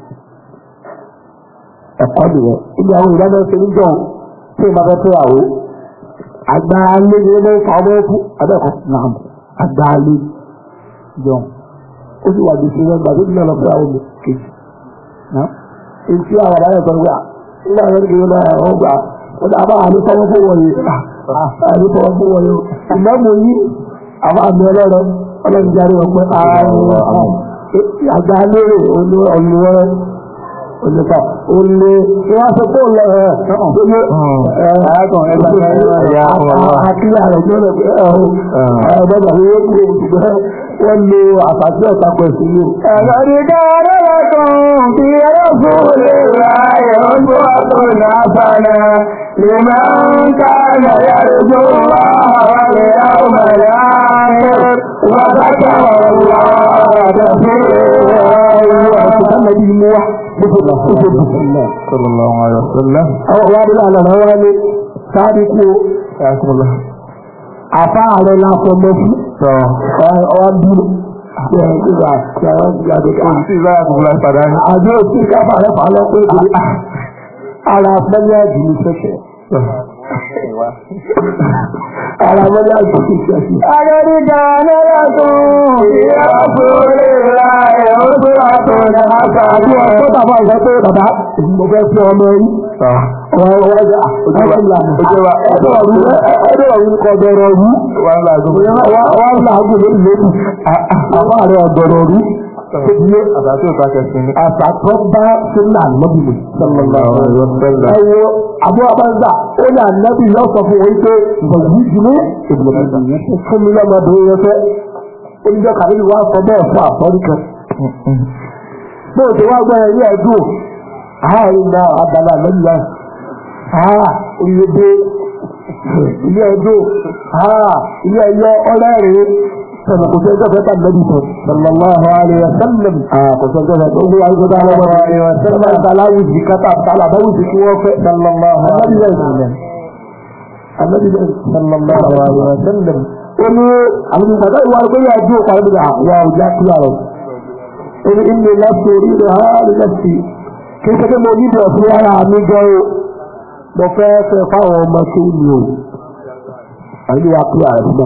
ẹ̀kọ́ nìyẹn ibi àwọn ìdáná ṣe ní jọ̀hún tí ìbá fẹ́ fẹ́ àwọ̀ agbáálé ni wọ́n fa ọmọ ẹ̀kú abẹ́ẹ̀kọ́ náà agbáálé jọ̀hún ó sì wà gbèsè rẹ̀ gbàgbé nílẹ̀ lọ fẹ́ àwọn ọmọ kejì náà èsì àwọn àbáyọ̀ sọ pé nígbà yẹn kì í lọ àwọn gbà ó dà bá àmì fọwọ́ fún wọ̀nyí àmì fọwọ́ fún wọ̀nyí ìgbà mo yí àwọn àmì ọlọ́rọ̀ ọlọ́run jáde ọgbẹ́ àgbáálé rẹ̀ olú ọ̀nù olùkọ́ olè tí wọ́n sọ pé olè ẹ̀ ṣọ́nà àkíyà rẹ̀ tó rẹ̀ ẹ̀hún ẹ̀ẹ́dẹ́gbà wíwé kúrò ṣùgbọ́n wọ́n lo àfàtì ọ̀tá pẹ̀sì yìí. ẹ̀rọ dídá rẹ̀ kan fi ẹ̀rọ fún olè ráyè ó tó àtọ̀nà àfààná lè máa ń ká nàyà lójú wá àwọn ìyá ọmọ ìyá rẹ̀ wọ́n bá tẹ̀ wọ́n wá àdàbí ẹ̀rọ ànábì mú wá gbogbo gbogbo. sallallahu alaihi wasallam. àwọn ọ̀rọ̀ adúlá àlànà wọn ni sáàbì kú o. àfa àrẹ la fọ mọ fún. ọwọ́ bímọ. Àjọ òsì káfà rẹ̀ fà lọ pé ara fẹ́lẹ́ àjùmí sẹ́kẹ̀ bẹ́ẹ̀ wá. Ara bọ́dá jù sí ìṣẹ́sí. Agẹ́rí kan lọ́yà tún. Ìyá tó lè ra ẹ̀rọ tó wà tó lè má kà á bí ọ̀pọ̀ bàbá ìfẹ́ pé bàbá mo fẹ́ fún ọmọ yìí. Ọ̀rọ̀ ìwọ ọjà ojú wa ìlànà. Ojú wa ẹ̀dọ̀ ọ̀run kọ dọ̀rọ̀ rú. Wà á làágùn. Wà á làágùn lórí lórí. Àwọn àrẹ ọ̀dọ̀rọ̀ rú. Sọ́dúnlé àbájọ́ ìbákẹ́sìn ni. Àṣà tó bá Sọ́nà Nọ́bìlì. Ẹ wo àbúrò Abáńdà ó ní ànábì náà sọ fún wọn pé bàbí jùlọ fún mi lọ́mọdé yẹn fẹ́. Oníjọ́ kàdébí wá sọ bẹ́ẹ̀ fún àfọ́rí kan. Bóyá tó wá gbọ́ ẹ ní ẹ̀dùn àárín náà àdàlà lẹ́yìn náà. Àá oyè dé ilé ẹ̀dùn àá ilé ẹ̀yọ ọlẹ́rìí sọ̀rọ̀ kò sẹ́jọ́ fẹ́ ká lẹ́bi sọ. Sallallahu alayhi wa sallam. Kò sẹ́jọ́ fẹ́ tó wúwa ìgbésẹ̀ àwọn ọmọ rẹ̀. Sọ́lá ìtàláwùjì kátà àbáwùjì kí wọ́n fẹ́. Sallallahu alayhi wa sallam. Àlẹ́bi bẹ́ẹ̀ sallallahu alayhi wa sallam. Ó ní àwọn ìgbàgbọ́ ìwà ẹgbẹ́ yà ju ọ̀pọ̀ àdúgbò àwọn àwùjá kí wà lọ. Ó ní ilé lọ́sí orí mo ní bọ̀ fún ara mi gan Mo fẹ́ fẹ́ fáwọn ọmọ tó ń lò. Àyè wa kí àrẹ̀ fún ọ.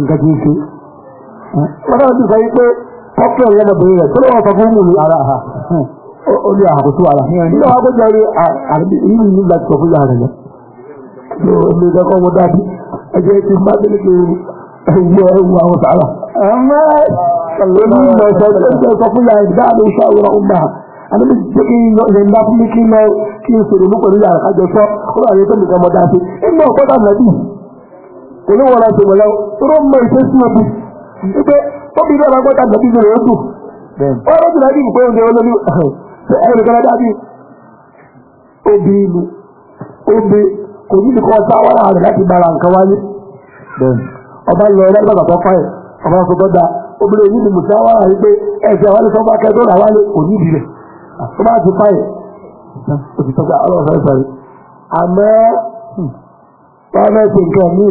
nǹkan tí ń ṣe. Bàbá mi sọ wípé pọ́kẹ́ rẹ̀ lọ́bìnrin rẹ̀ tó lọ́wọ́ sọ fún mi ara ha. Ó ní àkóso ara. Nígbà wàá gbọ́dọ̀ rí àrùbí yìí ní ìgbà tí sọ fún rẹ̀. Ṣé o lè dẹ́kọ̀ wọ dábì? Ẹ ti má délé kí ẹ̀yẹ ẹ̀wù àwọn sàrà. Ẹ̀mẹ́ èmi lọ sọ pé sọ fún yàrá ìdá àdó mi jẹ́ n lọ fún n lọ kí n yàrá kájọ sọ. Ó rà yẹ pé nìkan mọ̀ dáa sí. Ẹ̀mẹ́ ọ̀pọ̀ kò ní wọ́n láti wọ̀lẹ́ tó ló mọ ìṣe sí obi wípé tóbi bí ọba gbọ́ta gbẹ̀bí rẹ̀ ó dùn wọ́n ló ti láti ìpé oúnjẹ olómi ẹ̀rọ kan dábì obi ìlú obi kò ní ìkọ́ sáwárà rẹ̀ láti bára nǹkan wáyé ọba lọ ẹ̀rọ ìgbàgbà tó fáyẹ̀ ọba sọ tó da obìnrin yìí ni mùsáwárà yìí pé ẹ̀sẹ̀ wálé sọ́gbà kẹ́tọ́ rà wálé kò ní ìdí rẹ̀ tó bá ti fáyẹ̀ òtítọ́ pé ọlọ́run fẹ́ sọ̀rọ̀ àmọ́ bá fẹ́ ṣe nǹkan míì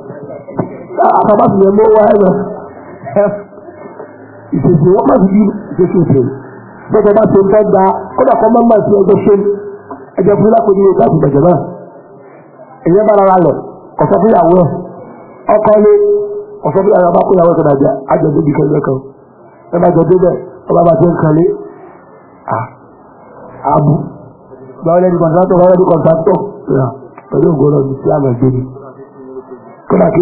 àtàbà sì yẹn mọ́ wá ẹ̀ lọ. ìṣèṣe wọ́n má fi bí ìṣèṣe gbọ́dọ̀ bá ṣe ń tọ́ da kódà kọ́ máa ń bà sí ẹjọ́ ṣe ẹjọ́ fún lápò ní ìgbà ìgbàjọ́ náà. èyí bá rárá lọ ọ̀sọ́ fún ìyàwó ẹ̀ ọkọ lé ọ̀sọ́ fún ìyàwó bá kó ìyàwó ìkọ̀dà jẹ àjọ̀dé bí kẹ́lẹ́ kan ẹ bá jọ débẹ̀ ọba bá ti ń kalẹ̀ àbú báwọn ẹni kọ̀ǹtàtọ̀ báwọn ẹni kọ̀ǹtàtọ̀ pẹ̀lú ògbó lọ sí àmọ̀ ìgbéni kódà kí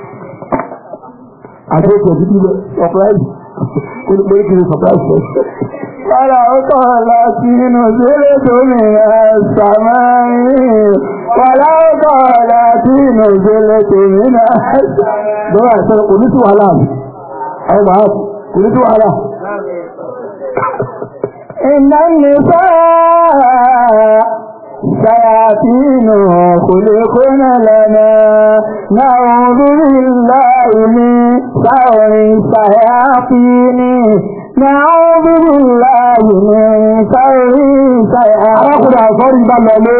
àtẹ́kọ̀ọ́ títí lọ surprise kó ló pé kí ni surprise lọ. Fọ́lá ó kọ̀ lọ sí inú sílé tó ní ẹ̀sà máa ń rìn. Fọ́lá ó kọ̀ lọ sí inú sílé tó ní ẹ̀sà. Lọ́wọ́ àìsàn kò ní sí wàhálà mi. Àwọn màá kò ní sí wàhálà. Ìnáni sáà. شياطين خلقنا لنا نعوذ بالله من شر الشياطين نعوذ بالله من شر الشياطين أراكم أعصاري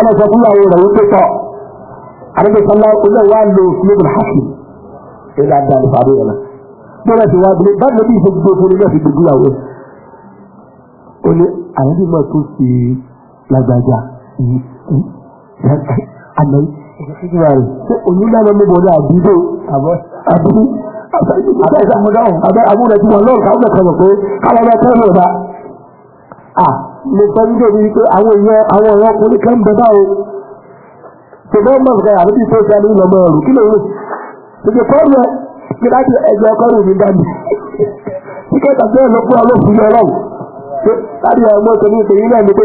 أنا سأقول له إذا يتطع أنا صلى الله عليه وسلم وقال الحكيم إذا أدى لفعلنا bọ́lá ti wá bí bá lóbi ìfẹ́ gbogbo fún ilé ìfẹ́ gbogbo àwọn òní àwọn ìmọ̀ tó lágbájá àmọ́ ìgbà rẹ̀ ṣé onígbàlọ́ ló bọ̀ ní àdúgbò àbúrú àbúrẹ̀ tí wọ́n lọ́rùn káwọn ẹ̀kọ́ mọ̀ pé káwọn ẹ̀kọ́ tẹ́lẹ̀ lọ́ba à mo fẹ́ nígbà wí pé àwọn èèyàn àwọn ọ̀rọ̀ ọkùnrin kan bẹ báwo ṣùgbọ́n mọ̀ nǹkan àbí tí tó ṣe ní ìlọ́mọ ọ̀rùn kí lóyún ṣèjì kọ́ọ̀lù ẹ̀ láti ẹgbẹ́ ọkọ̀rù mi dání tíkẹ́tà bẹ́ẹ̀ lọ́kùnrin ọlọ́fun yọ ọlọ́run láti ẹ̀mọ́ ìṣẹ́ni ìṣẹ́yìn náà ni pé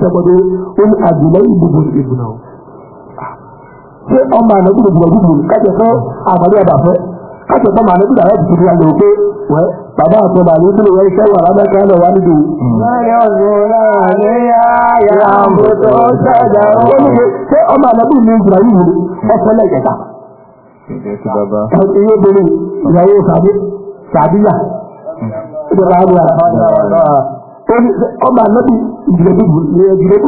saboda wani adilai bugun ibnu ṣé ọmọ ànábì lè gbìyànjú mi kájẹ fẹ àmàlẹ ọba fẹ kájẹ fẹ màá níbi dàrẹ́ tuntun yàgò pé wẹ bàbá àti ọba àlè ìdílé wẹ́n iṣẹ́ wà lábẹ́kẹ́ ẹ̀ wá nídìí. ṣé ọmọ ànábì mi ìgbà yìí wò ọ̀sẹ̀lẹ̀ ìjẹta. iye bèrè ìyàwó sàbíyà. ìjọba hmm. àgbà ó ní ọba ànábì ìdìbò tó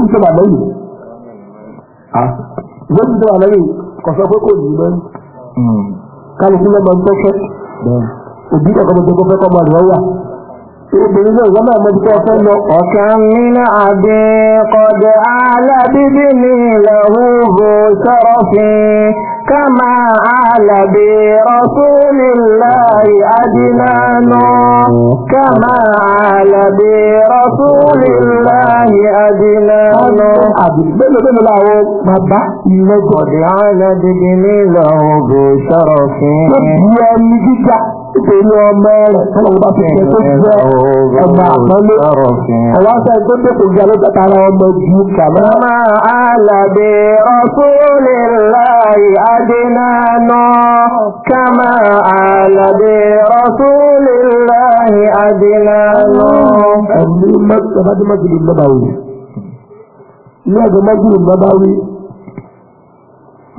ìjọba ànábì ìjọba ìjọba ànábì kò sọ pé kò ní mọ́ hmm. kálukú lọ́mọ ń tọ́fẹ́ òbí kọ̀ọ̀kan mọ̀ tó fẹ́ kọ́ mọ̀ àdúrà obìnrin náà wọ́n náà mọ̀jú tó fẹ́ lọ. ọ̀kan nínú àbí kọ̀dẹ̀ alábíbí ni ìlẹ̀ òhùn bò sọ̀rọ̀ fún كما آل برسول الله أجنان كما آل برسول الله أجنان بلو بلو لاو بابا قد على دجني له بشرف مبيا nítorí ọmọ rẹ̀ tọ́lọ̀ bá fi jẹ́ tó jẹ́ ọmọ àpọ́nlé ọwọ́ sọ ẹgbẹ́ tó kò jẹ́ lọ́jọ́ tara ọmọ ju kàmá. ọmọ alàbẹ̀ ọ̀fọ́lẹ̀ láì adínánà kàmá ní ẹgbẹ́ mọ́tò lọ́ba wí.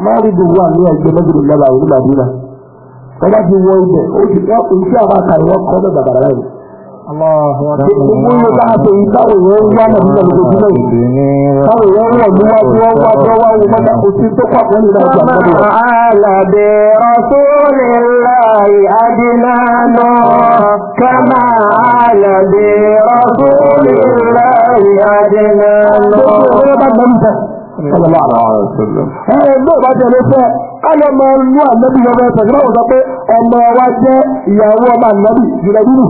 máa rí gbogbo àmì ẹgbẹ́ mọ́tò lọ́ba wí nígbà ọba ti wọ ibẹ̀ oṣù àwọn àkàrà wọn kọ́ bẹ́ẹ̀ bàbàrà láyé. Gbogbo yóò bá ṣe yí káwọn èèyàn ń wá nàbí náà lójoojúmọ́ yìí. Káwọn èèyàn ń wọ̀ ní wá tí wọ́n wá tí wọ́n wá wo mọ́tà oṣù tó pọ̀ fún ìlànà ìjà ìjọba. Sọ́mà àlàbẹ̀ Rasulillahi adinano. Kama àlàbẹ̀ Rasulillahi adinano. Gbogbo ìwé bá gbọ́ mi bẹ̀. sọlọ́lá àwọn ọ̀sẹ̀lẹ̀. ẹ ló bá jẹ ló fẹ́ ká lọ mọ inú ànábì lọ́wọ́ ẹ̀sẹ̀ kí lọ́wọ́ sọ pé ọmọ wa jẹ́ ìyàwó ọmọ ànábì jùlọ bíbù.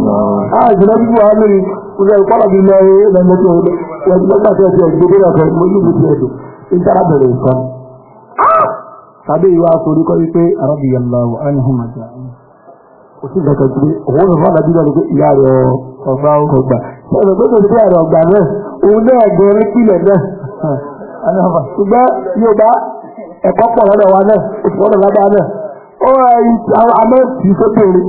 a àná ọ̀fà ṣùgbọ́n yóò bá ẹ̀kọ́ pọ̀ lọ́dọ̀ wa náà oṣù lọ́dọ̀ lábá náà ó àwọn amẹ́ tì í sóbìnrin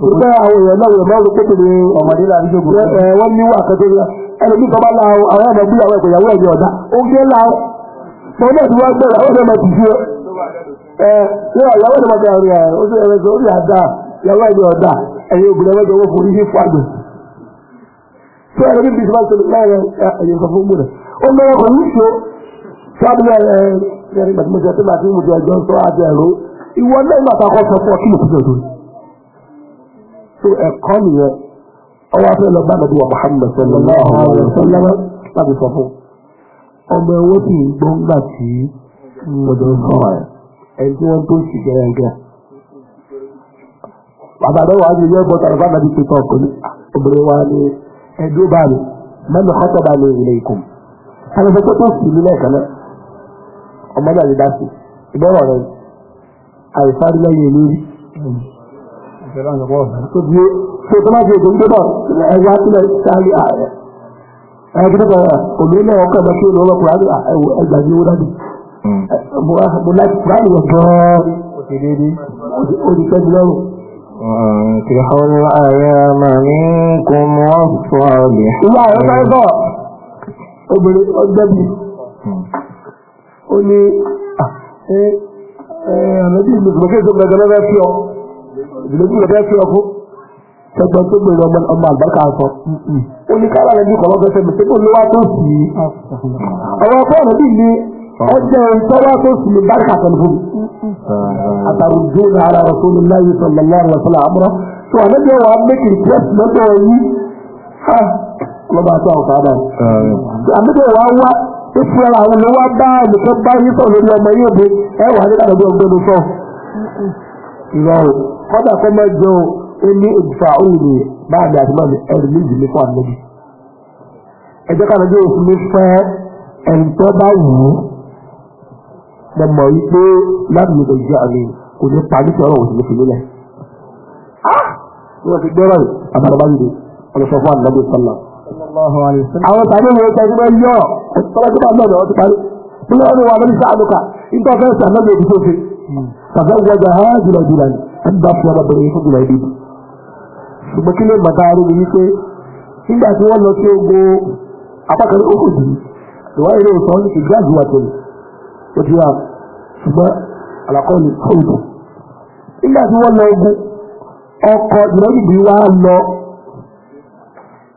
ṣùgbọ́n àwọn èèyàn náà yóò máa ń pèsè ní ọmọdé láti jókòó wọ́n ní wà kẹ́tẹ́ yá ẹlòmí kan bá la àwọn ẹ̀mọ́ gbéyàwó ẹ̀kọ́ ìyàwó ẹ̀yẹ ọ̀dà ó gé la wọn náà ti wá gbẹ̀rẹ̀ àwọn ẹ̀mọ́ ti fi ẹ ṣé ìyàwó ẹ̀mọ́ ti àrùn ẹ̀ ó sì ẹ̀rẹ́ sọ ó sì àdá ìyàwó ẹ̀yẹ ọ̀dà ẹ̀yẹ obìnrin ẹ̀mọ́ ti ọwọ́ forí sí fún àgbẹ̀. ṣé ẹlòmí bí sọ́kùnrin láàrin ẹ̀yẹ sọ fún gbọ́dọ̀ ọmọ oníṣò sábẹ́ ẹ̀rìn mọ̀tìmọ̀tì ẹ̀tọ́ láti ìmùjẹ ẹ̀jọ́ ń sọ àjẹ ẹ̀rọ ìwọ lẹ́yìn àtàkọ́ sọ fún ọ kí ni ìfúnjẹ tó so ẹ̀kọ́ nìyẹn ọwọ́ afẹ́ lọ bá nàbí wa Muhammad sallallahu alaihi láti sọ fún ọmọ ẹ̀wọ́ tí ń gbọ́ ńgbà tí mọ̀jọ ń sọ ẹ̀ ẹni tí wọ́n tó ń sì gẹ́gẹ́ bàbá rẹ̀ wà á ní tàbí bá nàbí ọkùnrin obìnrin wa ni bá alẹ́bẹ̀ tó tẹ̀sí mi lẹ́ẹ̀kan náà ọmọ náà lè dá sí ìgbọ́rọ̀ rẹ àìsáré lẹ́yìn olórí. tó bí tó tó má di èdè ńgbé bọ̀ ẹ̀yà sílẹ̀ sáré ààrẹ ẹ̀ẹ́dẹ́gbẹ́ kan òní náà ọkọ̀ ẹ̀mọ́ kí ló lọ kúrò àlẹ́ ẹgbà ní owó dájú. mo láti kúrò àlẹ́ yẹn gan-an ó ti tẹ́jú lọ́rùn. تلك الأيام منكم والصالحين obìnrin ọgbẹ́bí ó ní àmẹ́bí ìlúgbọ̀kẹ́ tó gbẹ̀gbẹ̀ lọ́wọ́ fi ọ ìdílébí lọ́wọ́ fi ọ fún tẹgbọ́n tó gbẹ̀rẹ̀ ọmọ ọmọ àgbàkà sọ ó ní kára rẹ̀ ní kọ̀ọ̀lọ́ fẹ́fẹ́ mi tẹ́gbọ́n ló wá tó sì í ọ̀rọ̀ ọ̀pọ̀ àmẹ́bí ní ọjọ́ ìtọ́wá tó sì ní bárkà tẹ̀lé fún mi àtàrùjọ́ ní ara Rasulullahi sallallahu alaihi wasallam ọlọ́ba tó àwọn sáadà yìí. àbíkẹ́ wàá wá ipò ara àwọn ọmọ wa bá ẹnìkan bá yín sọ̀rọ̀ lórí ọmọ yóò dé ẹ wà ní kàdàgbé ọgbẹ́ni sọ. ìrọ̀rùn kọ́dà kọ́ máa jẹun ẹni ìdìfà òwúrò báàmì àtìmọ́ mi ẹ̀rù méjì ní fún àmì ẹ jẹ́ kàdàgbé òfin mi fẹ́ ẹ̀ǹtọ́ bá wù ú mo mọ̀ wípé láti mi kò jẹ́ àmì kò ní pa nítorí ọ̀rọ̀ òsì lófin nílẹ̀. ah! wọ́n ti gbẹ́rọ̀ yìí àbálọ́bá yìí ọ̀rọ̀ sọ fún àdìmọ́ àwọn tàbí wo tàbí wọ́n yọ tọ́lá tó bá lọ́dọ̀ ọ́ ti parí bí wọ́n ní wà lórí sáàlùkà nígbà fẹ́ sàn lọ́dọ̀ èdè sófin tàbí wọ́jà ha jùlọ jùlọ ni ẹni bá fi ọmọ bẹ̀rẹ̀ fún jùlọ ìdí. ṣùgbọ́n kí ló ń bàtà arúgbó yìí pé nígbà tí wọ́n lọ sí ogo apákan ó kò jù ìwà ilé ìtọ́ ní ìgbà àjùwà tó ní ó ti wà ṣùgbọ́n àlàkọ́ni kóòtù nígbà tí wọ́n lọ ogun ọkọ̀ jùlọ wa lọ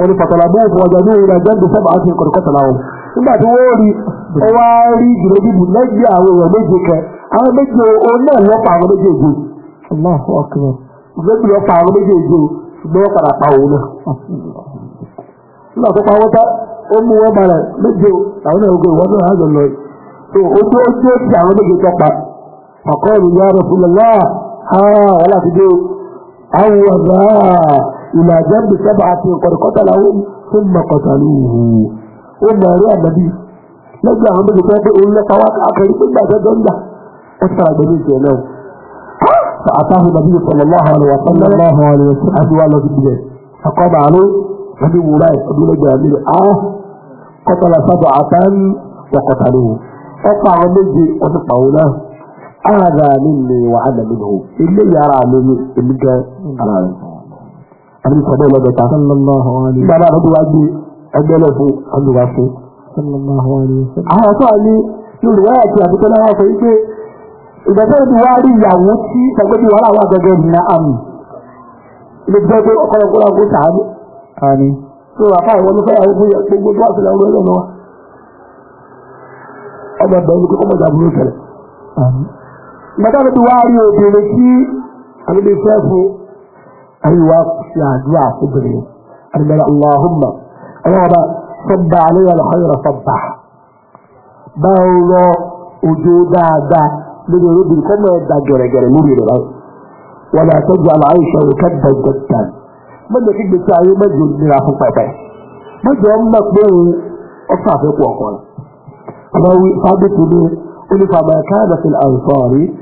oní pàtàlàbóò fún ọjà ní ìrìn àjẹ́ǹdì sábà á ti ń kọ̀dùkọ́ tàlà wọn. nígbà tí wọ́n rí ọwá rí ìdílé bíbù lẹ́gbẹ̀ẹ́ àwọn èèyàn méje kẹ àwọn méje òun náà lọ́pàá àwọn méjèèjì. إلى جنب سبعة قد قتلهم ثم قتلوه وما رأى النبي لجأ عمد كتاب يقول لك واقع قريب من بعد الجنة اكثر النبي جنان فأتاه النبي صلى الله عليه وسلم الله عليه وسلم أسوأ له بالجنة فقام عليه نبي ولاي قبيل جميل آه قتل سبعة وقتلوه أطلع مني وتطعونه هذا مني وأنا منه اللي يرى مني اللي جاء على رأيه àbí sọ̀bẹ́ ìlọ́dọ̀ta. bàbá àbọ̀dọ̀ wá gbé ẹgbẹ́ lọ fún àdúrà fún. àwọn ọ̀tọ́ àní yorùbá àti àbúkọ́ náà wọ́n sọ wípé ìgbàgbọ́ ìlú wa rí ìyàwó tí ìgbàgbọ́dì wàhálà wà gẹ́gẹ́ nínú àmì. ilé jẹ́ pé ọkọ̀ ọkọ̀ ọkọ̀ sàánú. tó àfa ìwọ ló fẹ́ àwọn gbogbo tó wà sílẹ̀ ọ̀rọ̀ ẹ̀yọ̀ náà. ọmọ ẹgbẹ́ ìlú kókó mọ̀jà burú tẹ̀lẹ̀. ìgbàgbọ́ ìlú wa rí obìnrin tí àbí أيوة يا دعاء صبري أرجل اللهم أنا صب علي الخير صبح بين وجود هذا من يريد كما يدى جري جري مريد رأي ولا تجعل عيشة وكدا جدا من يكيد بتاعي مجل من أخو فتا مجل أمك بي أصافق وقال أنا ثابت بي قل كان في الأنصار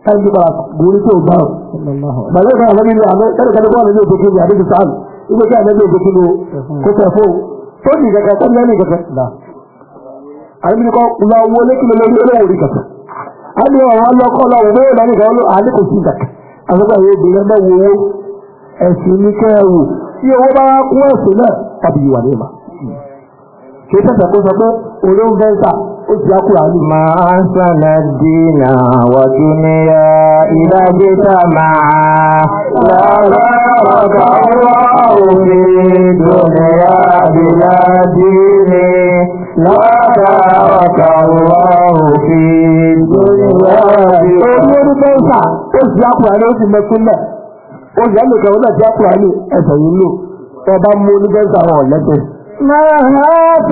kan ba gori ko ba ba zai ba annabi ne amma kada kada ba annabi ko ke ya dake sa'al ido ka annabi ko kilo ko ta fo to ni ga kan ne ga da ai ni ko la wole kilo le le wuri ka ani wa wa lo ko la wo la ni ga lo ali ko sinda àwọn ba ye bi ba wo ẹ̀sìn ni ke wo tí owó bá ku ẹ̀sìn náà tàbí wa ni ma ke ta ta ko sa ko o lo ngai sa di akúránì. máa ń sànà dínà wọ́jú ní ìdájẹ́ta máa lára ọ̀gá ọlọ́run ní dùnìyà bíládìní lára ọ̀gá ọlọ́run ní dùnìyà bíládìní. orí orí mẹ́fà ó di akúránì ó ti mẹ́kúnlẹ̀ ó yẹ nìkan ó náà di akúránì ẹ̀sẹ̀ yìí lò ẹ bá mú onígbẹ́sà wọn lẹ́sẹ̀. ما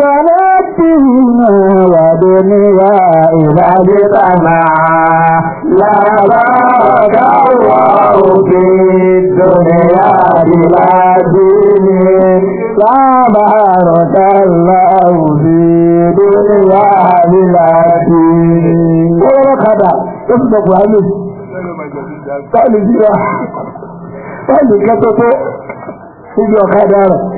فلتهما ودنيا إلى السماء لا بارك الله في الدنيا إلى دين لا بارك الله في الدنيا إلى دين ورقدا اصدق وعلم قال لي يا قال لي كتبه في الوقت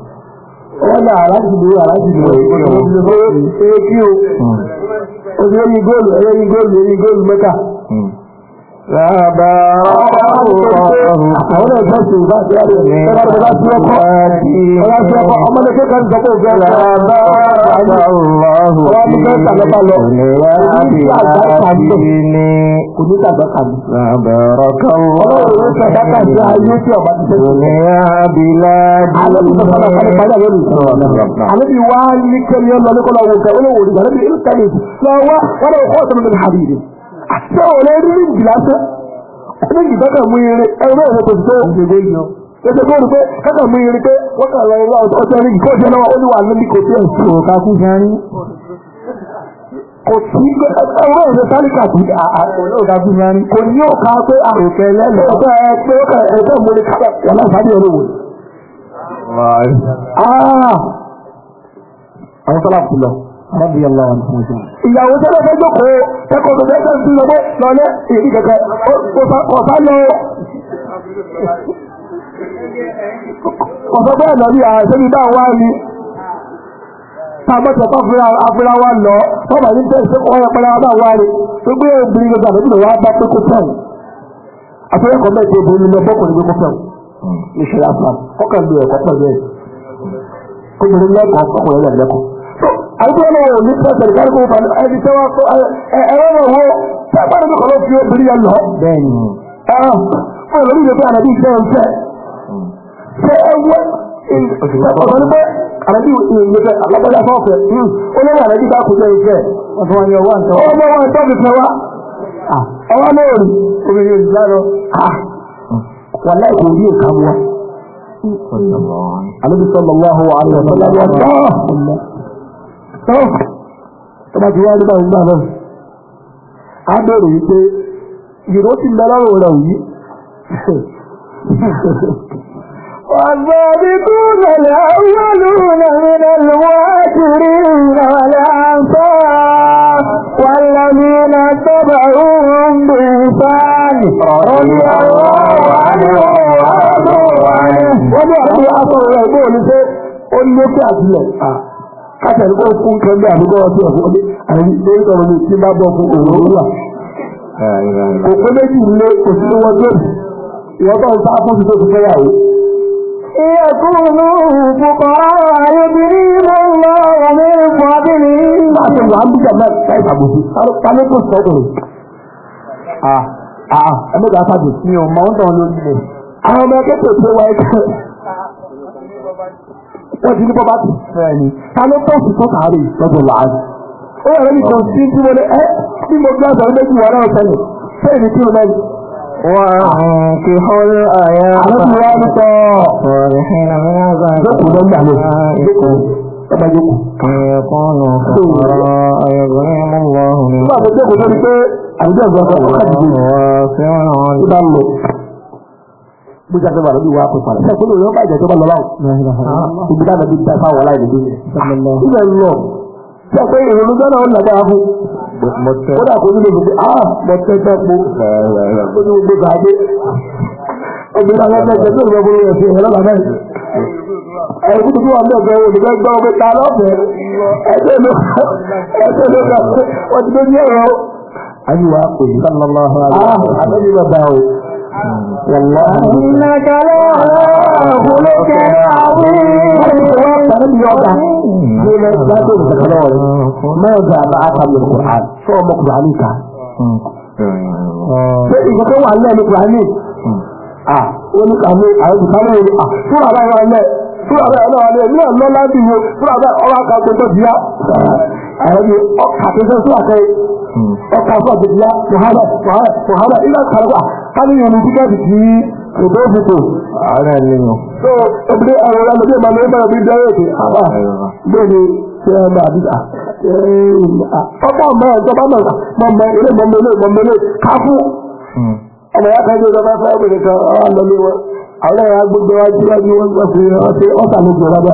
ọ̀dà aláṣìlú aláṣìlú ẹ̀kọ́ kí o. Oṣù lórí góòlù, lórí góòlù, lórí góòlù mẹ́ta. လာပါဟုတ်တယ်ဆက်စီပါတရားတွေဒါကဒါပြောခေါ်ဒါပြောခေါ်အမလေးကန်သဘောကြလာပါအလ္လာဟူဘာမကတ်လာပါလို့နေဝါဘီအာဒီနီကုနီတာဘကတ်ဘာရကောဆဒကတ်ရာယူချောဘတ်နေဝါဘီလာဒီအလ္လာဟူဘာမကတ်လာလို့အလ္လာဟူဝါလီကယောလလကောလာဝကဝလဝဒီဒါဘီအလ္တာလီလာဝါဝလခေါသမမင်ဟာဒီ àti ọ̀rẹ́ rí ní ìjìlá tó ẹni ìjìlá kan mú irin ẹgbẹ́ ìwé kò tó gbogbo ìyàn gbogbo ìyàn pé kẹ́kọ̀ọ́ mú irin pé wọ́n kà lọ ìwà ọjọ́ rí ìkó jẹ́ lọ́wọ́ ó ní wà lórí kò tí ẹ̀ sí òkà kú sáré kò sí ẹgbẹ́ ìwé sáré kàkú òkà kú sáré kò ní òkà pé àròkẹ́ lẹ́nu ẹ àwọn sọlá ti lọ. رضي الله عنه مجمع إيا وزارة فجوكو تكو تبعيدا في نبو لولا إيه كاكا وصالو وصالو أنا لي أعزني دا والي tàbátà fáfúra afúra wa lọ tọ́bà ní tẹ́sí ọ̀rọ̀ pẹ̀lú àwọn àwárí tó gbé obìnrin gbogbo àti ìdòwò àbá pé kó fẹ́ràn afẹ́rẹ́kọ̀ mẹ́jọ obìnrin lọ bọ́kùnrin gbogbo fẹ́ràn ní ṣe àfà ọkàn lu ẹ̀kọ́ pẹ̀lú ẹ̀ kó bẹ̀rẹ̀ lẹ́kọ̀ọ́ fọkùnrin lẹ́kọ̀ọ́ àdúgbò náà wò ní pẹ́sẹ̀ ìgbàlùkù fani ẹni tẹ́ wá kó ẹ̀rọ náà wó sábà níbi kọ́ ló fi obìnrin yẹn lọ. bẹ́ẹ̀ni. fún ìlú ìlú pé àlàbí ìfẹ́ ń fẹ́ ṣe ẹ wọ ó lọ́wọ́ àlàbí bá kó jẹ́ ìfẹ́. ọmọ wa tọ́ mi fẹ́ wá. ọwọ́ náà rí obìnrin yẹn lọ. wàlá ìkò rí èkà wọ. àlejò sọ tọ́ba ti wá nígbà nígbà náà a bèrè wípé ìró ti lọ lọ́rùn rẹ̀ yìí والضابطون الأولون من الواترين والأنصار والذين اتبعوهم بإحسان رضي الله عنه. wọ́n ní àti àtọ̀rọ̀ ẹ̀gbọ́n ní pé ó kátàrí kó fún kẹ́gbẹ́ àdúgbò ọtí ẹ̀fọ́ ní àyè tó ń ní tí bá bọ̀ fún òun òun òpó méjì lé òsì tó wọ́n tóbi ìyẹn tó ń sá fún ti tó fẹ́yàwó. ìyẹ̀kùnrin fúkọ̀ọ́ ayébírí ló ń lọ ọ̀mí fọ́bìnrin. máa ṣe wà á bí jàmbá ẹ̀ka ìṣàbòsí kálí tó sọ òun. ẹ̀mẹ́ta fàájì mi ò mọ̀ ń tàn lórí ilẹ̀. àwọn ọmọ ẹgbẹ́ tó wọ́n ti ní bọ́ bá ti fẹ́ ni ta ló bọ́ sí sọ́kà rè lọ́dọ̀ láàyè. ó yàrá mi kàn sí bí mo ní ẹ́ bí mo gbé ọ̀sán méjì wọ́n náà sẹ́yìn fẹ́ẹ̀ ní kí n lẹ́yìn. wọ́n ti hol àyà àlọ́bí wa ń sọ. ọ̀rẹ́ ṣe na mi náà bá a lọ́kùn lọ́gbà lọ. ọba jókòó. ẹ̀ẹ́dẹ́gbọ́n ọ̀rọ̀ ẹ̀yọ̀gbọ́n mú wọ́n. nígbà tó jókòó lórí pé àdúgbò ìgbà bó ṣe àtẹ̀wà lórí wa pípa rẹ̀ ṣẹ́kọ́ lórí ọba ìjẹ́jọ́ bá lọ báwò. ibi táwọn ẹbí ta fáwọn ọ̀la ìdílé ibẹ̀ ń lọ sọ pé ìrònú gbọ́dọ̀ ó lágbára fún. ó dà kó nílò gbogbo ah mo tẹ́ tẹ́ po ó ní gbogbo gbàgbé ọgbẹ́ náà lọ́dọ̀ ẹ̀jẹ̀ tó ń lọ́gbọ́n rẹ̀ fi ẹ̀rọ làbẹ́ ẹ̀rú tó wà lọ́gbẹ́ olùgbẹ́ gbọ́ ọgbẹ́ ta lọ́fẹ̀ẹ́ ẹ̀jẹ̀ ló ẹ̀jẹ̀ ló gbà wọ́n ti gbé ní ẹ̀rọ. ayé wa kò yí sálọ́lá ọ̀hún. ah àtẹ́jú bàbá o. والله إنك لا خلق عظيم ماذا معك من القرآن شو مقضى عليك فإذا كان الله لك عليك آه ولك عليك عايز كمان آه شو على الله شو على الله عليه لا لا لا تيجي شو على الله كاتب تجيا annabi kafin sai suwa kai ọkà fún àgbègbè kòhárà kòhárà kòhárà ilé àkàrà kálí yẹn ní díkà bì kí òbó fòkò. ààrẹ nínú. so obìnrin àwọn ọlọ́dún ìgbà lórí báyọ̀ bí dáwọ́ èdè àbá bẹ́ẹ̀ ni ṣe ẹ máa bíjà. ọ̀pọ̀ mẹ́rin ìjọba mẹ́ta mọ̀mọ́ ilé mọ̀mọ́ ilé mọ̀mọ́ ilé káfú. Hmm. ọmọ ya kan ní ìjọba fẹ́ wèrè kan ọ̀rọ̀ lọ́lé wọn àwọn ẹ̀yà gbogbo wa jíwájú wọn gbọ́ sí ọ̀sán ní ìjọba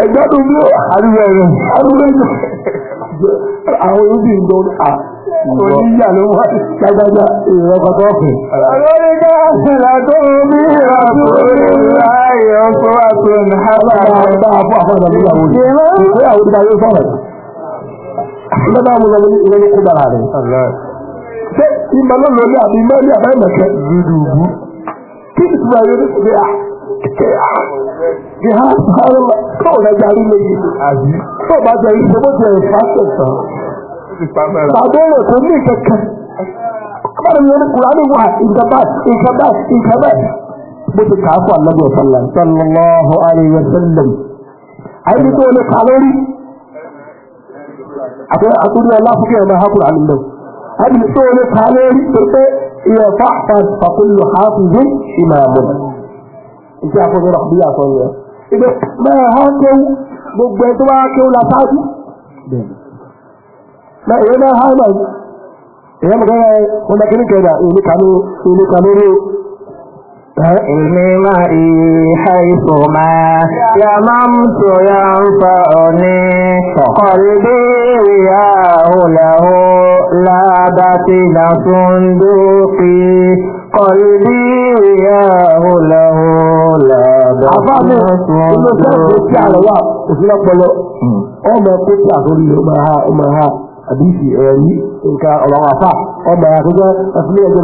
ẹgbẹ́dùn bí àríwá ẹ̀rọ àríwá ẹ̀rọ àwọn ibi ìgbọ́n à oníyà ló wá gbágbágbá ìrọ́kọ̀tọ̀ ọ̀fẹ́. olóríkà ṣẹlẹ̀ tó ń bí ìrọ̀kùnrin ayọ̀ fún àtúnṣe àbára bá a fún àfọ̀dà nígbà wo ni ìwé àwọn ìdíkà yóò sọ̀rọ̀ ìgbà náà mo lọ ní ìwé ní kúndà rẹ̀. ṣé ìmọ̀lọ́lọ́ ní àbí mẹ́rin àbẹ́mẹ̀kẹ́ gbùdùgbù kí ìtura yóò ní ìhà àrùn tó rẹ̀ darí lẹ́yìn tó bá jẹ́ ìṣẹ́ bó jẹ́ ìfásẹ̀sán bàbá rẹ̀ kò ní ìkẹ́kẹ́ kọ́rin ní kùrá ní wà ìjọba ìjọba ìjọba bó ti kà á fún alábẹ́ ọ̀sánlá sallallahu alayhi wa sallam àyíkú tó lè kà lórí àtúndì aláfíkì ọ̀nà hakùn àlùmọ̀ àyíkú tó lè kà lórí pé ìyẹ̀fà àti fàkúlù hàfìdì ìmàmù ìṣe àkóso rà bí àkóso rẹ̀. ìgbẹ́ bẹ́ẹ̀ hàn kéwú gbogbo ẹ̀ tó bá kéwú la sáájú. bẹ́ẹ̀ ìwé náà hàn náà ìyá mi kẹ́rẹ́ ọ̀nà kìíní kẹ́rẹ́ ìlú kanú ìlú kanú rí. فإنما حيث ما يممت ينفعني قلبي وياه له لا hmm. ọmọ ẹ̀kọ́ tí àtòrí ọmọ ha ọmọ ha àbíṣì ẹ̀rí nǹkan ọ̀rọ̀ àfà ọmọ ọmọ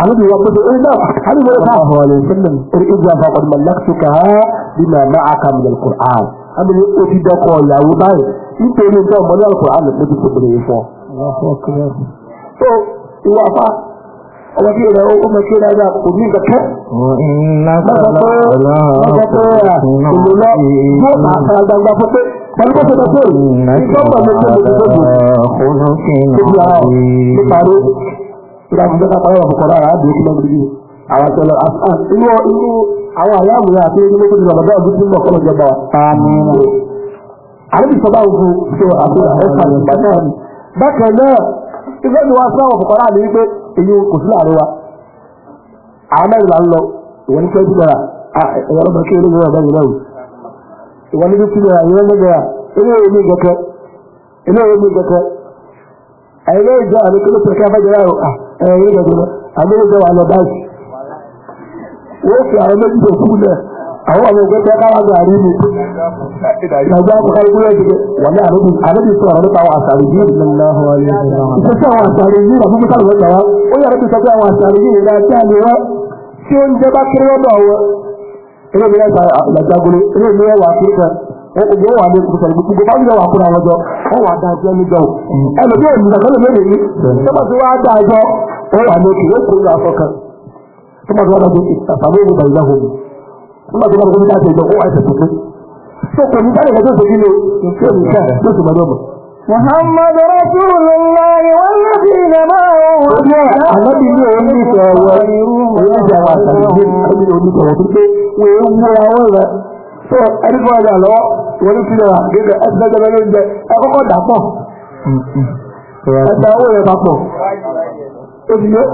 àlejò wa pẹ̀lú ẹ̀rí náà àlejò wa náà àwọn ọ̀rẹ́ sẹ́lẹ̀ ẹ̀rí ìjà bá ọ̀dùnmọ̀ lẹ́kṣọ̀kà bímọ máa kà mí lẹ́kọ̀ àn. àmì o ti dọkọ ìyàwó báyìí nítorí ẹjọ́ ọmọdé ọ̀kọ̀ àn ló ti tẹ̀lé yìí fọ́. so ìwà apá ọmọ kí ẹ̀rọ ó mọ kí ẹ̀rọ ẹ̀rọ kò ní ìgbẹ́kẹ́. ìnáṣẹ́ ọ̀la ọ̀la ọ̀la ìlànà ìjọba pàrọ̀ ọ̀pọ̀ lára àbí ìpínlẹ̀ ìlú àwọn àtẹlẹ inú inú àwọn àyàwòrán àti ya tó ti rọ̀ bàbá àbúrú nílò ọ̀pọ̀lọ̀ ìjọba àbí ìsọba òfin ṣe àfihàn ẹ̀ka àìlẹ́ ìjọ àmì kí ló pè ká fẹ́jọ́ láàrùn ẹ̀yìn ìgbàgbọ́ àmì ìjọ wà lọ báyìí wọ́n fi àwọn méjì tó kú lẹ̀ àwọn àwọn ògbẹ́ tẹ́ káwá gba àrí mi ìgbàgbọ́ àkọ́kọ́ ìgbẹ́ ìdíje wà ní àrùn àrùn tó àwọn nípa àwọn àṣàrí yìí ìṣẹ́sẹ́ àwọn àṣàrí yìí wà fún kálù mẹ́ta wa ó yàrá ti sọ pé àwọn àṣàrí yìí ìlà tí a lè wá tí ó ń jẹ́ bá kéré lọ́dọ̀ wọn ilé mi wọ́n wà dájọ́ níjọ́ ẹlòmí èmi náà lọ́lọ́ mélòó yìí tọ́ba tí wọ́n á dájọ́ wọ́n wà lókè yóò kó ìlà fọkàn tọ́ba tí wọ́n dájọ́ ìtàfàmì òun bàyí láhùn mi tọ́ba tí wọ́n dájọ́ níta ìjọ wọ́n wà ẹsẹ̀ tuntun tó kò ní dáre lọ́jọ́ tó kí ni ìṣe ìṣe lóṣù mọ́dọ́ mọ́. محمد رسول الله والذين معه الذي ní òun ní ìfẹ́ ọ̀wọ́ ẹ̀yẹ́dẹ̀ àwọn àtàlẹ́ ìdí ìkọ́ni òun ní ìfẹ́ ọ̀wọ́ pípé wọ́n ń múra wọ́n rẹ̀ tó ẹnìkan ọjà lọ wọn ní kílọ̀ gẹ́gẹ́ ẹsẹ̀ jẹ́ lóúnjẹ ẹkọ́kọ́ dà pọ̀ ẹ̀dá owó rẹ̀ papọ̀ òṣìṣẹ́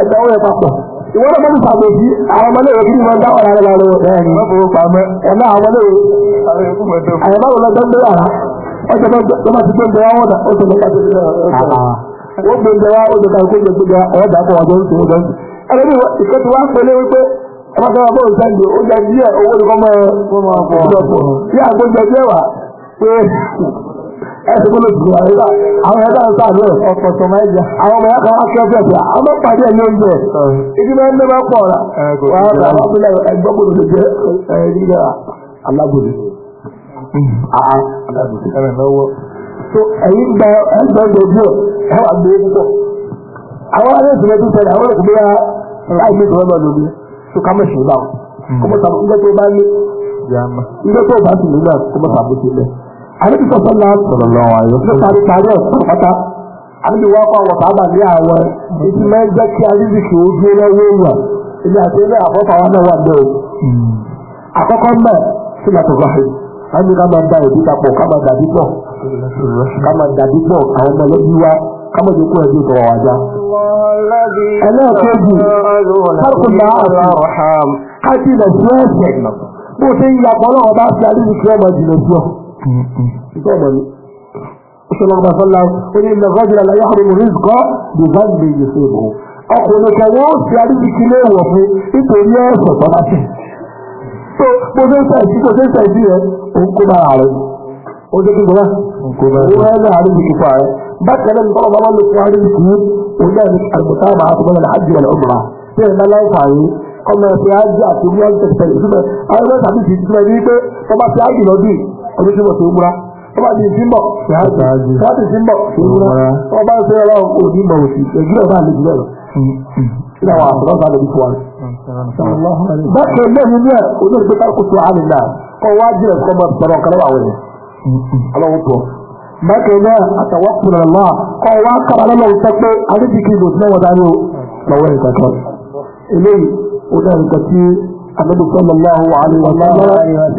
ẹ̀dá owó rẹ̀ papọ̀ ìwọ́n náà mọ́tò sàgbè sí àwọn ọmọ léèrè kí máa ń dáwọ̀ rárá lọ ẹ̀yìn mọ́tò pamẹ́ ẹ̀ná àwọn léèrè àyẹ̀bá wọn lọ́jọ́ ń bẹ̀rẹ̀ àrá ọjọ́ tó bá ti gbé ń bẹ̀rẹ̀ wọn náà ó ti lọ́ka tó ti lọ́ka ó gbé ń bẹ̀rẹ̀ ó ti ká ọmọ kan bọ́ọ̀lù sáyé ó jẹ díẹ̀ owó ni kọ́mọ ọ̀pọ̀lọpọ̀ tí àgbẹ̀jọ díẹ̀ wà pé ẹsẹ̀ kó ló dùn àyè bá àwọn ẹ̀dá ń sáà lóye ọ̀pọ̀ tó máa ń jẹ àwọn ọmọ yàtọ̀ wá kí ọ̀fẹ́ fẹ́ àwọn pàdé ẹ̀ ní oúnjẹ ìdí máa ń lé máa pọ̀ ọ̀la wà á bá wọn fúnlẹ̀ ẹgbẹ́ gbọdọ̀ ló jẹ ẹ̀ẹ́dígbà alágbòdì alágbòdì ẹ̀rẹ̀ lọ́wọ́ so ẹ̀yin gba ẹgbẹ́ gbòdì ẹ̀ wà gbé púpọ̀ àwọn alẹ́ ìsìnkú ti sẹ́ni àwọn ìsìnkú tó ká mọ̀ṣẹ́ bá wọn kó mọ̀ sábà nígbà tó bá ní nígbà tó bá sì nígbà kó mọ̀ sábà sí ilẹ̀. àdébí sọ̀tọ̀ náà nípa nípa rẹ̀ pátápátá àdébí wá kó àwọn sábà ní àwọn etí mẹ́jẹ́ kí àdébí kì í dúró lọ́wọ́ èèyàn ilé àti ilé àkọ́kọ́ àwọn náà wà lọ́wọ́. Hmm. àkọ́kọ́ mbẹ́ sílẹ̀ tó bá a ní ká máa da ìdí papọ̀ ká máa dàbí pọ̀ ká máa dàbí pọ̀ àwọn ọmọ ẹlẹ́bí wa kámọ̀jù kú ẹ̀jẹ̀ ìtọ̀rọ̀ wá já. ẹlẹ́ẹ̀kejì kákùnlá àti kájí ilẹ̀ sí ẹ̀sẹ̀ bó ṣe ń ya pọ̀ náà bá fi àdéhùn sí ọmọ ìjìnlẹ̀ sí ọ. ìtọ́ ọmọ mi sọlá ọba sọlá ó ní ilẹ̀ gọ́jìlá láyé àwọn ọmọ rìsgọ́ dìbàgbé ìyẹ̀fẹ́ ìbò ọkùnrin kan wọ́n fi àdéhùn sí ilé ìwọ̀ fún nítorí ẹ̀sẹ̀ tọ́lá sí. bó ṣe ń sẹ̀ ó jẹ́ kíkọ́ náà ó wáyé náà àdúgbò kíkọ́ rẹ̀ bákan náà nípa ọba máa ń lo fún àdúgbò kìí òun náà ní àgbẹ̀tà máa tó bọ́lá àjù ọ̀nà ọmọ tí ẹ̀ náà láìpẹ́ àyè ọmọ ẹ̀fẹ́ àjù àti ìwé ọ̀nà tẹ̀sítẹ̀ ìsúnmọ̀ àwọn ẹgbẹ́ tàbí ti ìsúnmọ̀ ẹni wípé ọba ti àjù lọ́dún ọdún tí mo ti múra ọba ti ti mbọ̀ láti ti mbọ̀ ti múra ọba ti ọlọ́run kò ní mọ̀ òsì ẹ̀gbẹ́ ọba àlejò náà lọ bákan náà ọlọ́run pọ̀ bákan náà àtàwọn kùnà náà kọ́ wá kára lọ́wọ́ sọ pé àdébìkì ìbò tí wọ́n dání o lọ́wọ́ ìkàkọ́ eléyìí ó dá nǹkan tí àdébì sọ́nà náà wà ní wọn náà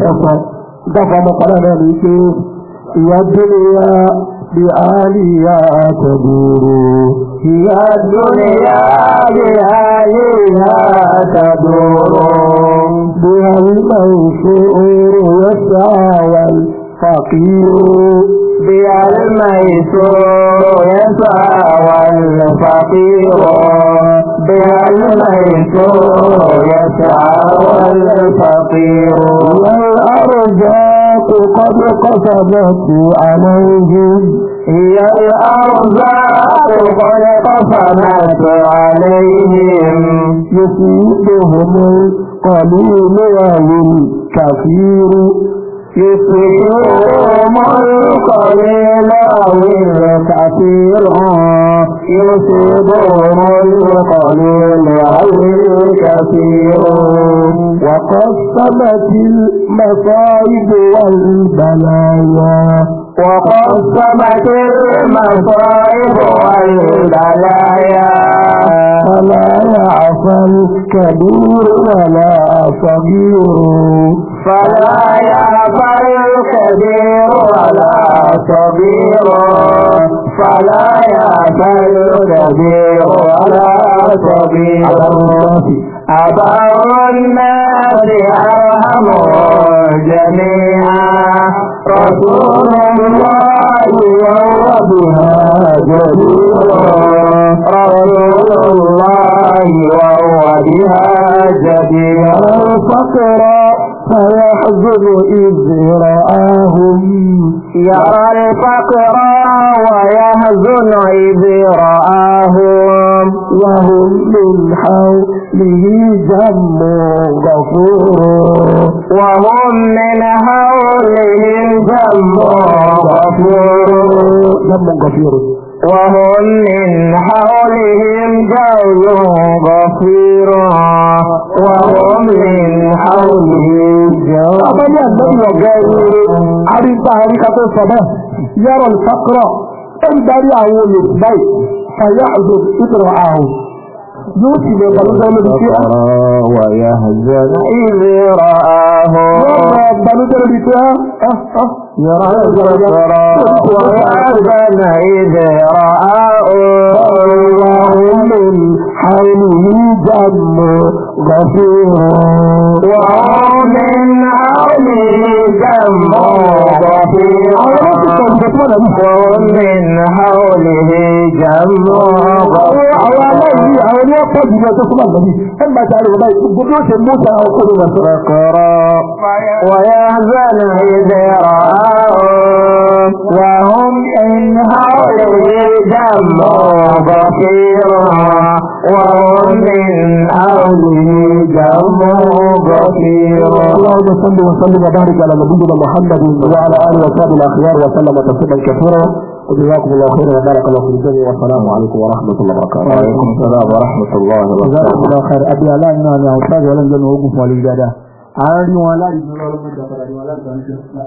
ẹ̀fọ́ dáfọ́ ọmọkùnrin náà ní pé ìyá délé ya bí àlìyá tẹ̀gbòrò ìyá délé ya bí àlìyá tẹ̀gbòrò bí àlìyá tẹ̀gbòrò wọ́n sọ àwọn الفقير بالميسور يسعى والفقير بالميسور يسعى والفقير والأرزاق قد قصدت عليهم هي الأرزاق قد قصدت عليهم يصيبهم القليل والكثير يسرهم القليل أو الكثير يسرهم المصائب والبلايا وقد المصائب والبلايا فلا يعفى الكبير ولا صغير فلا يأبى الكبير ولا صغير فلا يأبى الكبير ولا صغير أبا الناس أرحم جميعا رسول الله وهو جدير رسول الله وهو بها جدير فقرأ فيحزن إذ رآهم يرى الفقر ويحزن إذ رآهم وهم من حوله جم غفور وهم من حولهم جم غفور جم غفور وهم من حولهم جوز غفيرا وهم من حولهم جوز أبدا النبي وغير عرفت حركة الصباح يرى الفقرة انبري عول البيت فيحذب إبرعه يوسف يقول لهم بشيء ويهزن إذ رآه قالوا ترى بشيء يرى ويهزن إذ رآه ومن حوله دم غفير ومن حوله دم غفير من حوله جمع اقرأ ويحزن إذ رآهم وهم إن حوله جمع بصير وهم من حوله جمع بصير اللهم صل وسلم وبارك على نبينا محمد وعلى آله وصحبه الأخيار وسلم وسلم تسليما كثيرا وجزاكم الله خيرا وبارك الله في الجميع والسلام عليكم ورحمه الله وبركاته. وعليكم السلام ورحمه الله وبركاته. جزاكم الله خير ابي الله انا استاذ ولم يكن وقوف ولي جدا. عارض ولا يجوز ولا